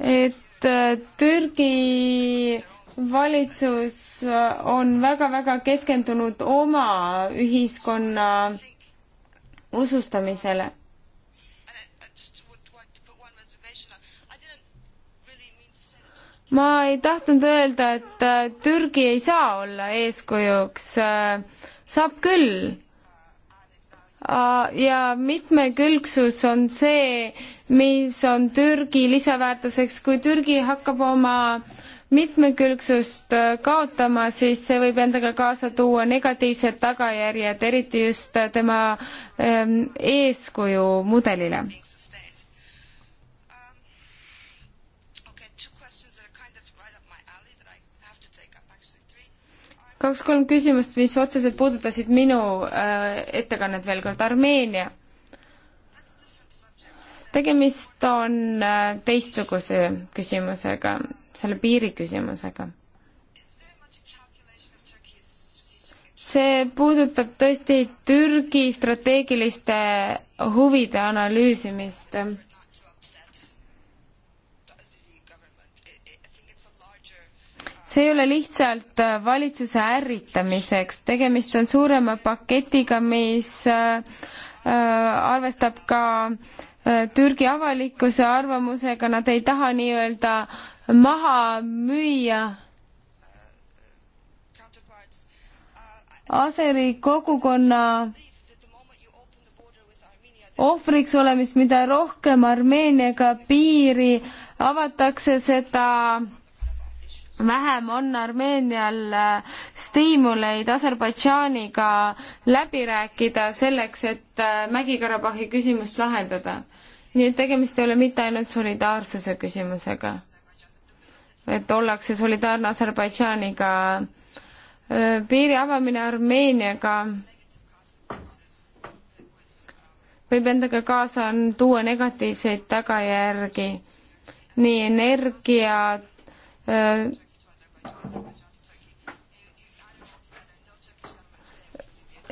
et äh, Türgi valitsus on väga-väga keskendunud oma ühiskonna usustamisele ma ei tahtnud öelda, et äh, Türgi ei saa olla eeskujuks, äh, saab küll. Äh, ja mitmekülgsus on see, mis on Türgi lisaväärtuseks, kui Türgi hakkab oma mitmekülgsust kaotama, siis see võib endaga kaasa tuua negatiivsed tagajärjed, eriti just tema ähm, eeskuju mudelile kaks-kolm küsimust, mis otseselt puudutasid minu äh, ettekannet veel kord, Armeenia. tegemist on äh, teistsuguse küsimusega, selle piiri küsimusega. see puudutab tõesti Türgi strateegiliste huvide analüüsimist äh, see ei ole lihtsalt äh, valitsuse ärritamiseks, tegemist on suurema paketiga, mis äh, äh, arvestab ka Türgi avalikkuse arvamusega, nad ei taha nii-öelda maha müüa Aseri kogukonna ohvriks olemist, mida rohkem Armeeniaga piiri avatakse, seda vähem on Armeenial äh, stiimuleid Aserbaidžaaniga läbi rääkida selleks, et äh, Mägi-Karabahhi küsimust lahendada. nii et tegemist ei ole mitte ainult solidaarsuse küsimusega, et ollakse solidaarne Aserbaidžaaniga. Äh, piiri avamine Armeeniaga võib endaga kaasa tuua negatiivseid tagajärgi nii energia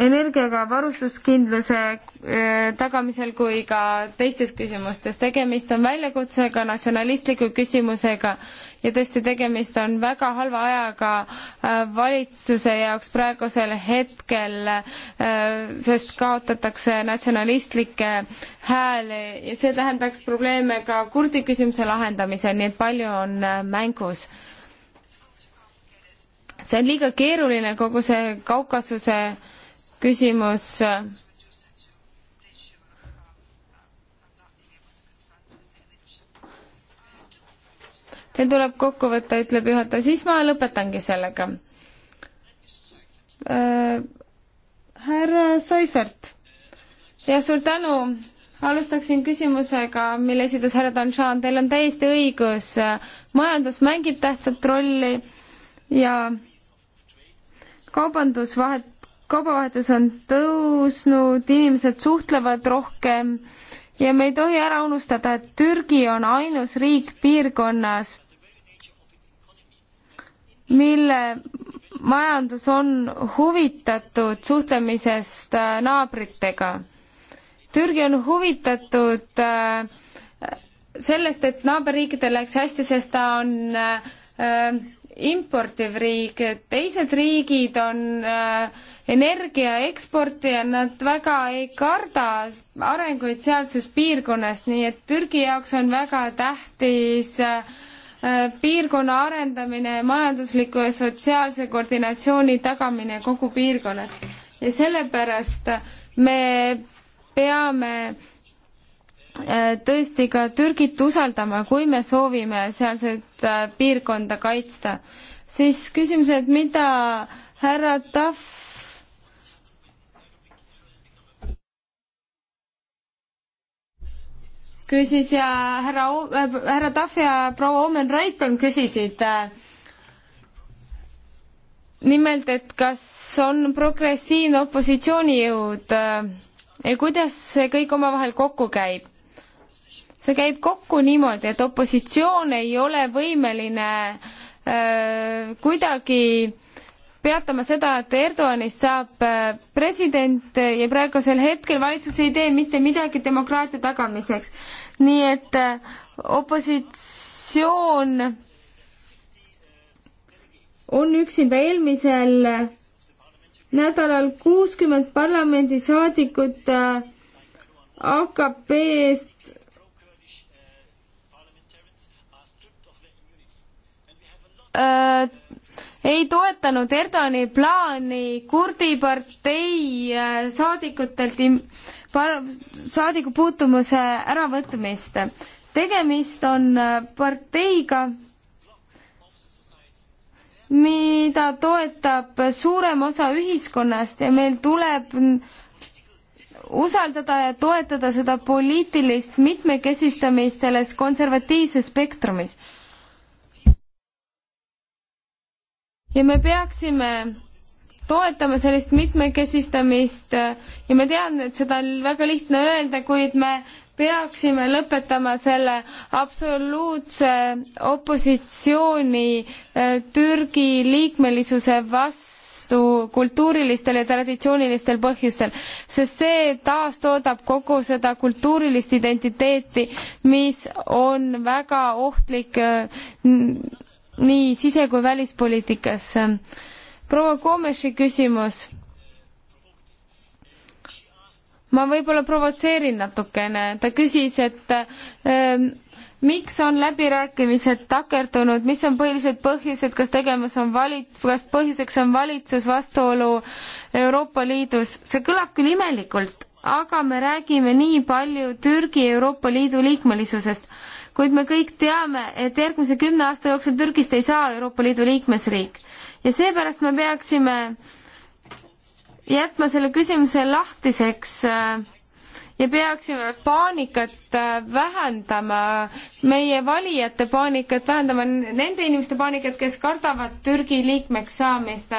energiaga varustuskindluse äh, tagamisel kui ka teistes küsimustes. tegemist on väljakutsega, natsionalistliku küsimusega ja tõesti, tegemist on väga halva ajaga äh, valitsuse jaoks praegusel hetkel, äh, sest kaotatakse natsionalistlikke hääli ja see tähendaks probleeme ka kurdi küsimuse lahendamisel, nii et palju on mängus see on liiga keeruline, kogu see Kaukasuse küsimus. Teil tuleb kokku võtta, ütleb juhataja, siis ma lõpetangi sellega äh,. härra Soifert. jah, suur tänu. alustaksin küsimusega, mille esitas härra Danšan, teil on täiesti õigus, majandus mängib tähtsat rolli ja kaubandusvahet, kaubavahetus on tõusnud, inimesed suhtlevad rohkem ja me ei tohi ära unustada, et Türgi on ainus riik piirkonnas, mille majandus on huvitatud suhtlemisest äh, naabritega. Türgi on huvitatud äh, sellest, et naaberriikidel läheks hästi, sest ta on äh, importiv riik, teised riigid on äh, energia eksportijad, nad väga ei karda arenguid sealses piirkonnas, nii et Türgi jaoks on väga tähtis äh, piirkonna arendamine, majandusliku ja sotsiaalse koordinatsiooni tagamine kogu piirkonnas. ja sellepärast me peame Äh, tõesti ka Türgit usaldama, kui me soovime sealset äh, piirkonda kaitsta. siis küsimus, et mida härra Tahv küsis ja härra, äh, härra Tahv ja proua Omen Raidpalm küsisid äh, nimelt, et kas on progressiivne opositsioonijõud äh, ja kuidas see kõik omavahel kokku käib see käib kokku niimoodi, et opositsioon ei ole võimeline öö, äh, kuidagi peatama seda, et Erdoganist saab äh, president ja praegusel hetkel valitsus ei tee mitte midagi demokraatia tagamiseks. nii et äh, opositsioon on üksinda eelmisel nädalal kuuskümmend parlamendisaadikut AKP-st äh, ei toetanud Erdogani plaani kurdi partei äh, saadikutelt saadikupuutumuse äravõtmist. tegemist on äh, parteiga, mida toetab suurem osa ühiskonnast ja meil tuleb usaldada ja toetada seda poliitilist mitmekesistamist selles konservatiivses spektrumis ja me peaksime toetama sellist mitmekesistamist ja ma tean, et seda on väga lihtne öelda, kuid me peaksime lõpetama selle absoluutse opositsiooni äh, Türgi liikmelisuse vastu kultuurilistel ja traditsioonilistel põhjustel, sest see taastoodab kogu seda kultuurilist identiteeti, mis on väga ohtlik äh, nii sise- kui välispoliitikasse. proua Komeši küsimus. ma võib-olla provotseerin natukene, ta küsis, et äh, miks on läbirääkimised takerdunud, mis on põhilised põhjused, kas tegemas on valit-, kas põhjuseks on valitsus vastuolu Euroopa Liidus, see kõlab küll imelikult, aga me räägime nii palju Türgi Euroopa Liidu liikmelisusest kuid me kõik teame, et järgmise kümne aasta jooksul Türgist ei saa Euroopa Liidu liikmesriik ja seepärast me peaksime jätma selle küsimuse lahtiseks äh, ja peaksime paanikat äh, vähendama, meie valijate paanikat vähendama, nende inimeste paanikat, kes kardavad Türgi liikmeks saamist.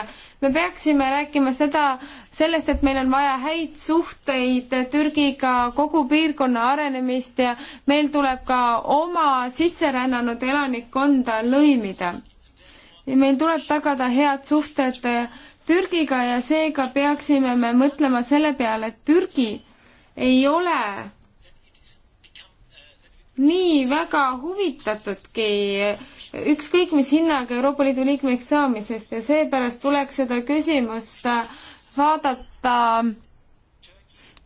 me peaksime rääkima seda, sellest, et meil on vaja häid suhteid Türgiga, kogu piirkonna arenemist ja meil tuleb ka oma sisserännanud elanikkonda lõimida. ja meil tuleb tagada head suhted Türgiga ja seega peaksime me mõtlema selle peale, et Türgi ei ole nii väga huvitatudki ükskõik mis hinnaga Euroopa Liidu liikmeks saamisest ja seepärast tuleks seda küsimust vaadata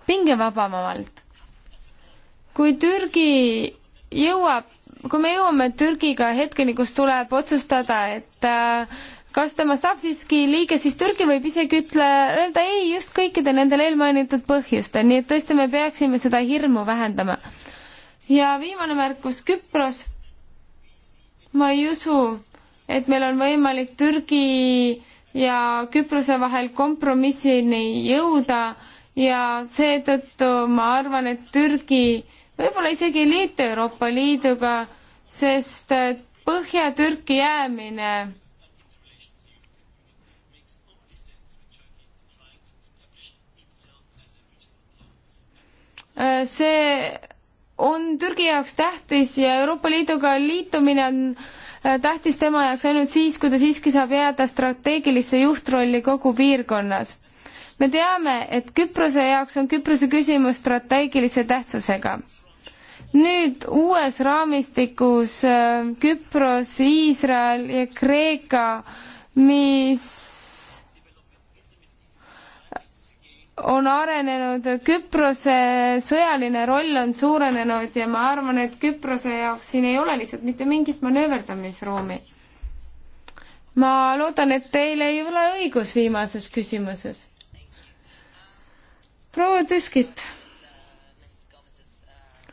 pingevabamalt. kui Türgi jõuab, kui me jõuame Türgiga hetkeni, kus tuleb otsustada, et äh, kas Demasavsiski liige siis Türgi võib isegi ütle, öelda ei just kõikidel nendel eelmainitud põhjustel, nii et tõesti me peaksime seda hirmu vähendama. ja viimane märkus, Küpros. ma ei usu, et meil on võimalik Türgi ja Küprose vahel kompromissini jõuda ja seetõttu ma arvan, et Türgi võib-olla isegi ei liitu Euroopa Liiduga, sest äh, Põhja-Türki jäämine Äh, see on Türgi jaoks tähtis ja Euroopa Liiduga liitumine on äh, tähtis tema jaoks ainult siis, kui ta siiski saab jääda strateegilisse juhtrolli kogu piirkonnas. me teame, et Küprose jaoks on Küprose küsimus strateegilise tähtsusega. nüüd uues raamistikus äh, Küpros, Iisrael ja Kreeka, mis on arenenud, Küprose sõjaline roll on suurenenud ja ma arvan, et Küprose jaoks siin ei ole lihtsalt mitte mingit manööverdamisruumi. ma loodan, et teil ei ole õigus viimases küsimuses. proua Tüskit,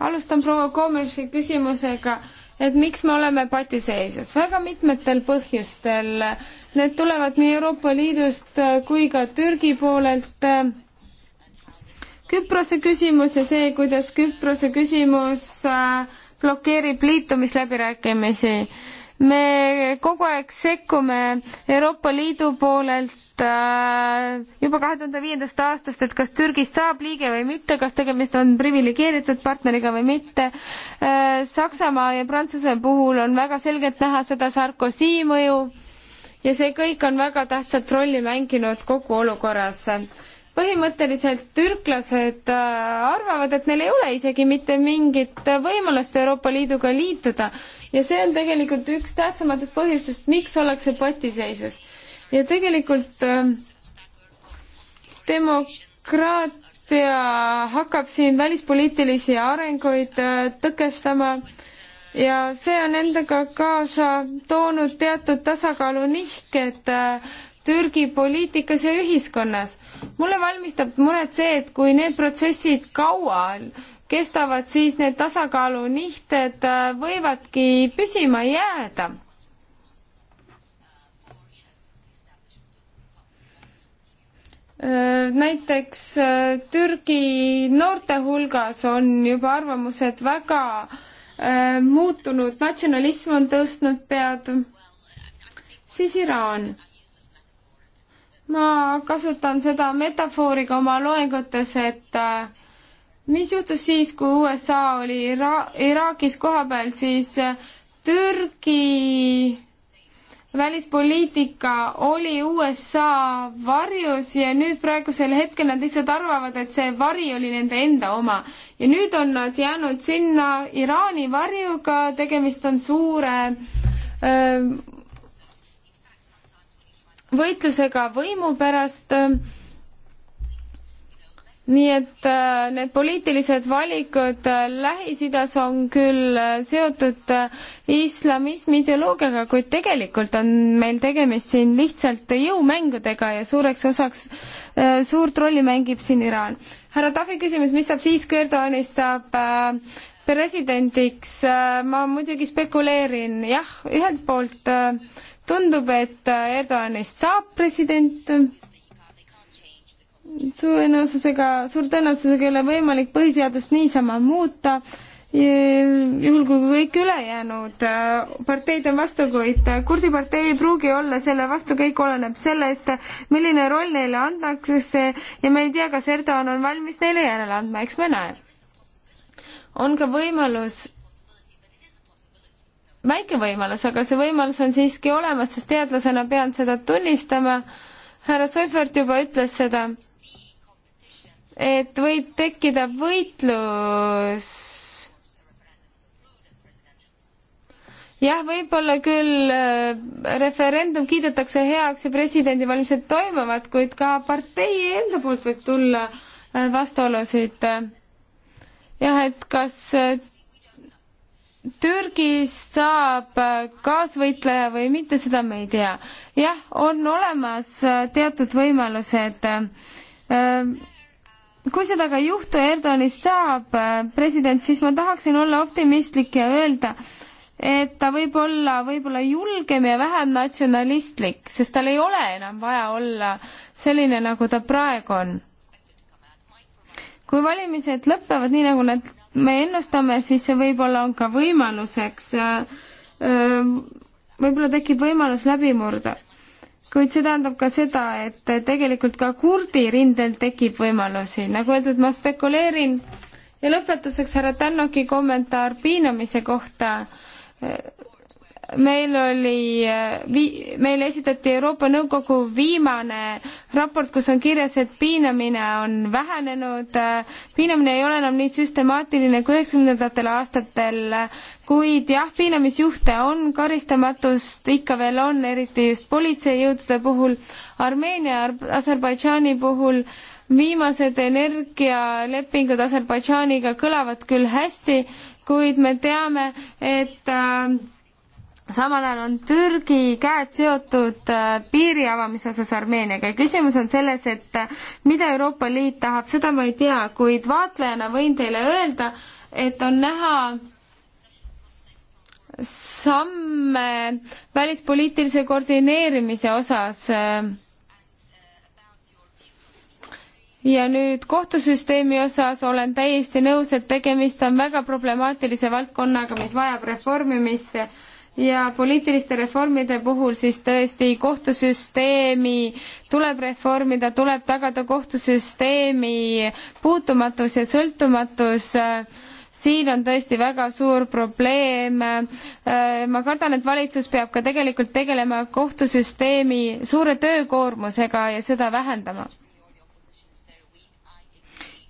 alustan proua Komeši küsimusega, et miks me oleme patiseisus. väga mitmetel põhjustel. Need tulevad nii Euroopa Liidust kui ka Türgi poolelt Küprose küsimus ja see, kuidas Küprose küsimus äh, blokeerib liitumisläbirääkimisi. me kogu aeg sekkume Euroopa Liidu poolelt äh, juba kahe tuhande viiendast aastast, et kas Türgist saab liige või mitte, kas tegemist on priviligeeritud partneriga või mitte. Äh, Saksamaa ja Prantsuse puhul on väga selgelt näha seda Sarkozy mõju ja see kõik on väga tähtsat rolli mänginud kogu olukorras põhimõtteliselt türklased äh, arvavad, et neil ei ole isegi mitte mingit võimalust Euroopa Liiduga liituda ja see on tegelikult üks tähtsamatest põhjustest, miks ollakse patiseisus. ja tegelikult ähm, demokraatia hakkab siin välispoliitilisi arenguid äh, tõkestama ja see on endaga kaasa toonud teatud tasakaalunihked äh, Türgi poliitikas ja ühiskonnas. mulle valmistab muret see, et kui need protsessid kaua kestavad, siis need tasakaalunihted äh, võivadki püsima jääda. Äh, näiteks äh, Türgi noorte hulgas on juba arvamused väga muutunud, natsionalism on tõstnud pead, siis Iraan ma kasutan seda metafoori ka oma loengutes, et äh, mis juhtus siis, kui USA oli Ira-, Iraagis kohapeal, siis äh, Türgi välispoliitika oli USA varjus ja nüüd praegusel hetkel nad lihtsalt arvavad, et see vari oli nende enda oma. ja nüüd on nad jäänud sinna Iraani varjuga, tegemist on suure öö, äh, võitlusega võimu pärast. nii et äh, need poliitilised valikud äh, Lähis-Idas on küll äh, seotud islamismi ideoloogiaga, kuid tegelikult on meil tegemist siin lihtsalt jõumängudega ja suureks osaks suurt rolli mängib siin Iraan. härra Tafi küsimus, mis saab siis, kui Erdoganist saab presidendiks, ma muidugi spekuleerin, jah, ühelt poolt tundub, et Erdoganist saab president. tõenäosusega, suur tõenäosusega ei ole võimalik põhiseadust niisama muuta, juhul kui kõik ülejäänud äh, parteid on vastu, kuid äh, kurdi partei ei pruugi olla selle vastu, kõik oleneb sellest, milline roll neile antakse ja me ei tea, kas Erdogan on valmis neile järele andma, eks me näe. on ka võimalus, väike võimalus, aga see võimalus on siiski olemas, sest teadlasena pean seda tunnistama, härra Soifert juba ütles seda, et võib tekkida võitlus jah, võib-olla küll äh, referendum kiidetakse heaks ja presidendivalimised toimuvad, kuid ka partei enda poolt võib tulla äh, vastuolusid. jah, et kas äh, Türgis saab kaasvõitleja või mitte, seda me ei tea. jah, on olemas teatud võimalused. Ehm, kui seda ka ei juhtu, Erdoganist saab eh, president, siis ma tahaksin olla optimistlik ja öelda, et ta võib olla võib-olla julgem ja vähem natsionalistlik, sest tal ei ole enam vaja olla selline, nagu ta praegu on. kui valimised lõpevad nii, nagu nad me ennustame, siis see võib-olla on ka võimaluseks, äh, äh, võib-olla tekib võimalus läbi murda. kuid see tähendab ka seda, et tegelikult ka kurdi rindel tekib võimalusi, nagu öeldud, ma spekuleerin ja lõpetuseks härra Tannoki kommentaar piinamise kohta äh, meil oli, äh, meile esitati Euroopa Nõukogu viimane raport, kus on kirjas, et piinamine on vähenenud, piinamine ei ole enam nii süstemaatiline kui üheksakümnendatel aastatel, kuid jah, piinamisjuhte on, karistamatust ikka veel on, eriti just politseijõudude puhul, Armeenia, Aserbaidžaani puhul, viimased energialepingud Aserbaidžaaniga kõlavad küll hästi, kuid me teame, et äh, samal ajal on Türgi käed seotud äh, piiri avamise osas Armeeniaga ja küsimus on selles, et äh, mida Euroopa Liit tahab, seda ma ei tea, kuid vaatlejana võin teile öelda, et on näha samme välispoliitilise koordineerimise osas äh, ja nüüd kohtusüsteemi osas olen täiesti nõus, et tegemist on väga problemaatilise valdkonnaga, mis vajab reformimist ja poliitiliste reformide puhul siis tõesti kohtusüsteemi tuleb reformida, tuleb tagada kohtusüsteemi puutumatus ja sõltumatus siin on tõesti väga suur probleem. Äh, ma kardan, et valitsus peab ka tegelikult tegelema kohtusüsteemi suure töökoormusega ja seda vähendama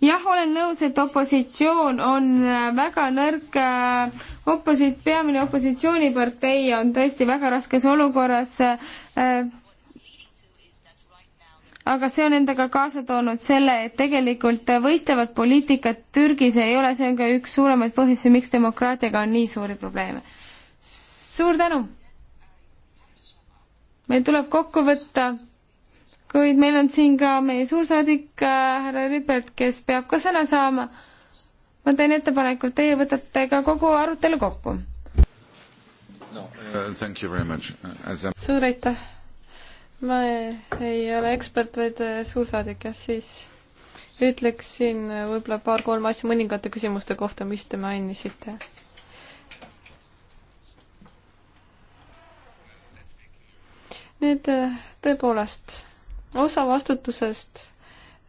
jah, olen nõus, et opositsioon on äh, väga nõrk, äh, oposi-, peamine opositsioonipartei on tõesti väga raskes olukorras äh, aga see on endaga kaasa toonud selle, et tegelikult võistlevat poliitikat Türgis ei ole, see on ka üks suuremaid põhjusi, miks demokraatiaga on nii suuri probleeme. suur tänu! meil tuleb kokku võtta kuid meil on siin ka meie suursaadik äh, härra Ribert, kes peab ka sõna saama. ma teen ettepaneku, et teie võtate ka kogu arutelu kokku no,. Uh, uh suur aitäh. ma ei ole ekspert, vaid äh, suursaadik, jah, siis ütleksin äh, võib-olla paar-kolm asja mõningate küsimuste kohta, mis te mainisite nüüd tõepoolest osa vastutusest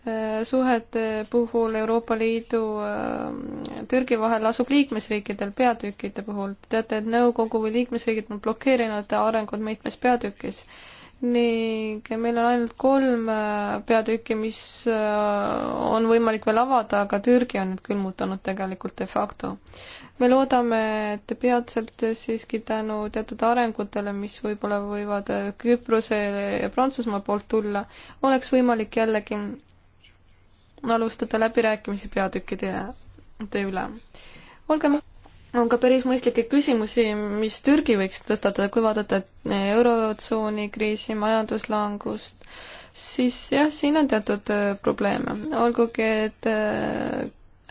äh, suhete puhul Euroopa Liidu äh, Türgi vahel asub liikmesriikidel peatükkide puhul. teate, et nõukogu või liikmesriigid on blokeerinud arengut mitmes peatükis ning meil on ainult kolm äh, peatükki, mis äh, on võimalik veel avada, aga Türgi on need külmutanud tegelikult de facto. me loodame, et peatselt siiski tänu teatud arengutele, mis võib-olla võivad äh, Küprose ja Prantsusmaa poolt tulla, oleks võimalik jällegi alustada läbirääkimisi peatükkide üle. olgem on ka päris mõistlikke küsimusi, mis Türgi võiks tõstatada, kui vaadata eurotsooni kriisi, majanduslangust, siis jah, siin on teatud äh, probleeme, olgugi et äh,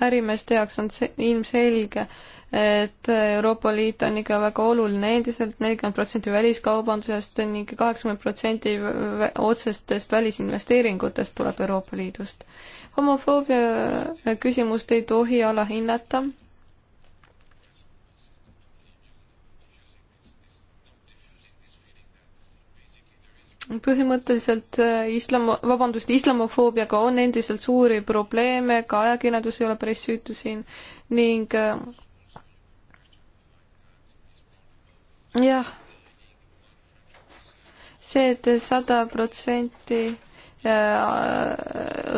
ärimeeste jaoks on see ilmselge, et Euroopa Liit on ikka väga oluline endiselt, nelikümmend protsenti väliskaubandusest ning kaheksakümmend protsenti otsestest välisinvesteeringutest tuleb Euroopa Liidust. homofoobia äh, küsimust ei tohi alahinnata põhimõtteliselt äh, islam, vabandust, islamofoobiaga on endiselt suuri probleeme, ka ajakirjandus ei ole päris süütu siin ning äh, jah, see et, et sada protsenti äh,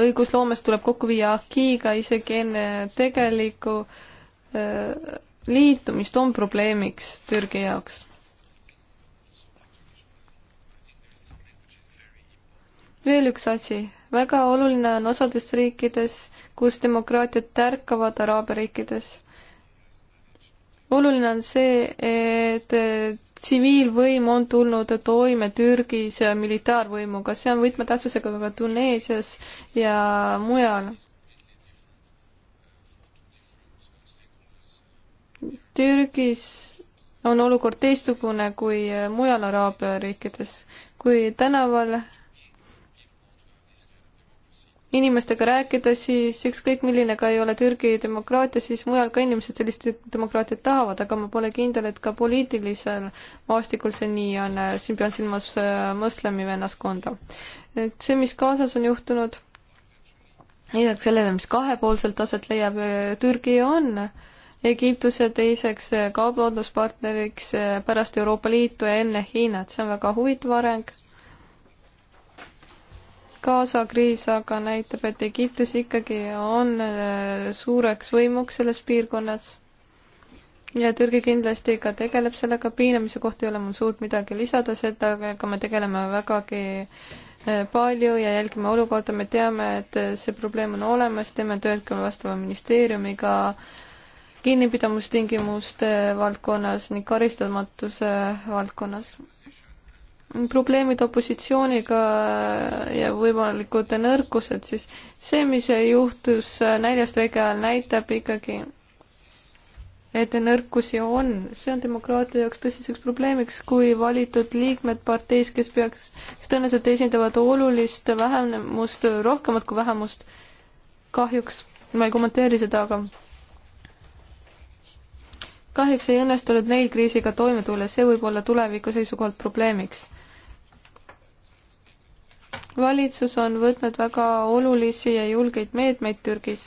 õigusloomes tuleb kokku viia AK-ga isegi enne tegelikku liitumist on probleemiks Türgi jaoks veel üks asi, väga oluline on osades riikides, kus demokraatiat tärkavad araabia riikides. oluline on see, et tsiviilvõim on tulnud toime Türgis militaarvõimuga, see on võtmetähtsusega ka Tuneesias ja mujal Türgis on olukord teistsugune kui mujal Araabia riikides. kui tänaval inimestega rääkida, siis ükskõik milline ka ei ole Türgi demokraatia, siis mujal ka inimesed sellist demokraatiat tahavad, aga ma pole kindel, et ka poliitilisel maastikul see nii on, siin pean silmas äh, moslemi vennaskonda. et see, mis Gazas on juhtunud, lisaks sellele, mis kahepoolselt aset leiab, äh, Türgi on Egiptuse teiseks äh, kaubanduspartneriks pärast Euroopa Liitu ja enne Hiinat, see on väga huvitav areng Gaza kriis aga näitab, et Egiptus ikkagi on äh, suureks võimuks selles piirkonnas. ja Türgi kindlasti ka tegeleb sellega, piinamise kohta ei ole mul suurt midagi lisada, seda, ega me tegeleme vägagi äh, palju ja jälgime olukorda, me teame, et äh, see probleem on olemas, teeme tööd ka vastava ministeeriumiga kinnipidavustingimuste valdkonnas ning karistamatuse valdkonnas probleemid opositsiooniga ja võimalikud nõrkused, siis see, mis juhtus näljastreigi ajal, näitab ikkagi, et nõrkusi on. see on demokraatia jaoks tõsiseks probleemiks, kui valitud liikmed parteis, kes peaks, kes tõenäoliselt esindavad olulist vähemust, rohkemat kui vähemust, kahjuks ma ei kommenteeri seda, aga kahjuks ei õnnestunud neil kriisiga toime tulla, see võib olla tuleviku seisukohalt probleemiks valitsus on võtnud väga olulisi ja julgeid meetmeid Türgis.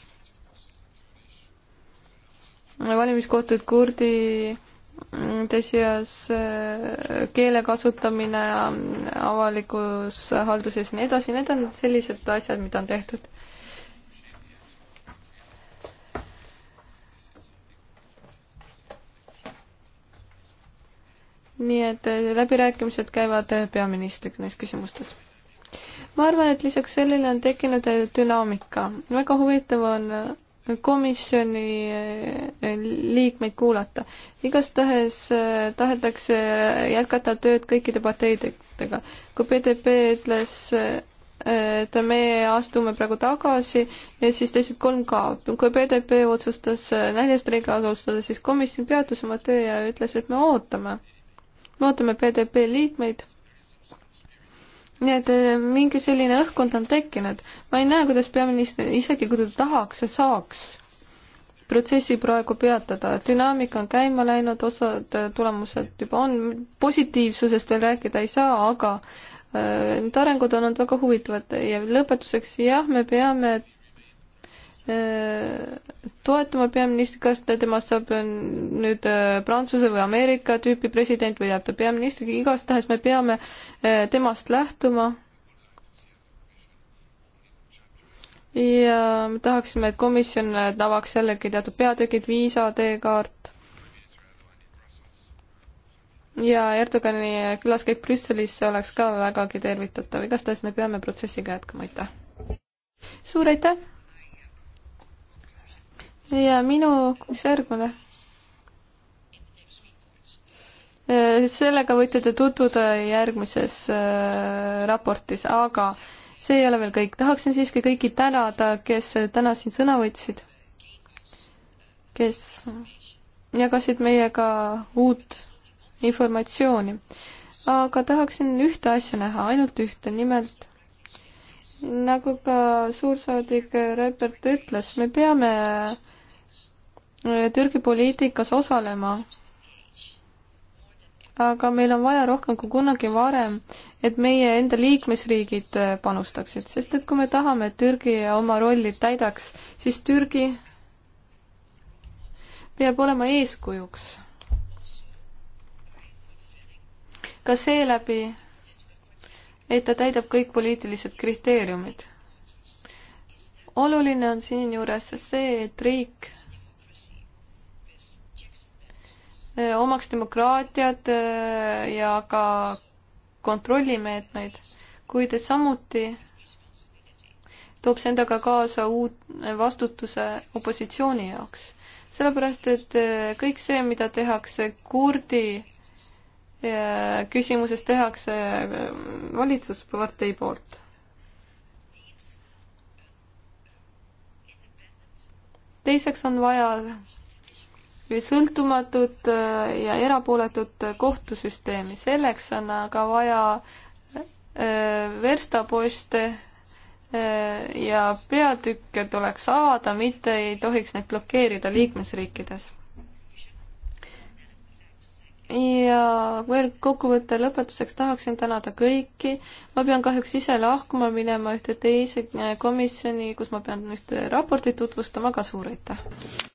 valimiskohtud kurdi mm, seas äh, keele kasutamine avalikus halduses ja nii edasi, need on sellised asjad, mida on tehtud nii et äh, läbirääkimised käivad äh, peaministriga neis küsimustes ma arvan, et lisaks sellele on tekkinud dünaamika. väga huvitav on komisjoni eh, liikmeid kuulata. igastahes eh, tahetakse jätkata tööd kõikide parteidega. kui PDP ütles, eh, et me astume praegu tagasi ja siis teised kolm ka. kui PDP otsustas näljastreigi alustada, siis komisjon peatas oma töö ja ütles, et me ootame. me ootame PDP liikmeid nii et äh, mingi selline õhkkond on tekkinud. ma ei näe, kuidas peaminister, isegi kui ta tahaks ja saaks protsessi praegu peatada, dünaamika on käima läinud, osad äh, tulemused juba on, positiivsusest veel rääkida ei saa, aga äh, need arengud on olnud väga huvitavad ja lõpetuseks jah, me peame Äh, toetama peaministrit, kas ta, temast saab äh, nüüd äh, Prantsuse või Ameerika tüüpi president või jääb ta peaministriga, igastahes me peame temast lähtuma. ja me tahaksime, et komisjon avaks jällegi teatud peatükid, viisa, teekaart ja Erdogani külaskäik Brüsselisse oleks ka vägagi tervitatav, igastahes me peame protsessiga jätkama, aitäh! suur aitäh! ja minu, mis järgmine? Äh, sellega võite te tutvuda järgmises äh, raportis, aga see ei ole veel kõik. tahaksin siiski kõiki tänada, kes täna siin sõna võtsid, kes jagasid meiega uut informatsiooni. aga tahaksin ühte asja näha, ainult ühte, nimelt nagu ka suursaadik Robert ütles, me peame Äh, Türgi poliitikas osalema. aga meil on vaja rohkem kui kunagi varem, et meie enda liikmesriigid äh, panustaksid, sest et kui me tahame, et Türgi oma rolli täidaks, siis Türgi peab olema eeskujuks. ka seeläbi, et ta täidab kõik poliitilised kriteeriumid. oluline on siinjuures see, et riik omaks demokraatiat ja ka kontrollimeetmeid, kuid samuti toob see endaga kaasa uut vastutuse opositsiooni jaoks. sellepärast, et kõik see, mida tehakse kurdi küsimuses, tehakse valitsuspartei poolt. teiseks on vaja sõltumatut äh, ja erapooletut kohtusüsteemi. selleks on aga vaja äh, verstaposte äh, ja peatükke tuleks avada, mitte ei tohiks neid blokeerida liikmesriikides. ja veel kokkuvõtte lõpetuseks tahaksin tänada kõiki. ma pean kahjuks ise lahkuma minema ühte teise komisjoni, kus ma pean ühte raportit tutvustama, ka suur aitäh!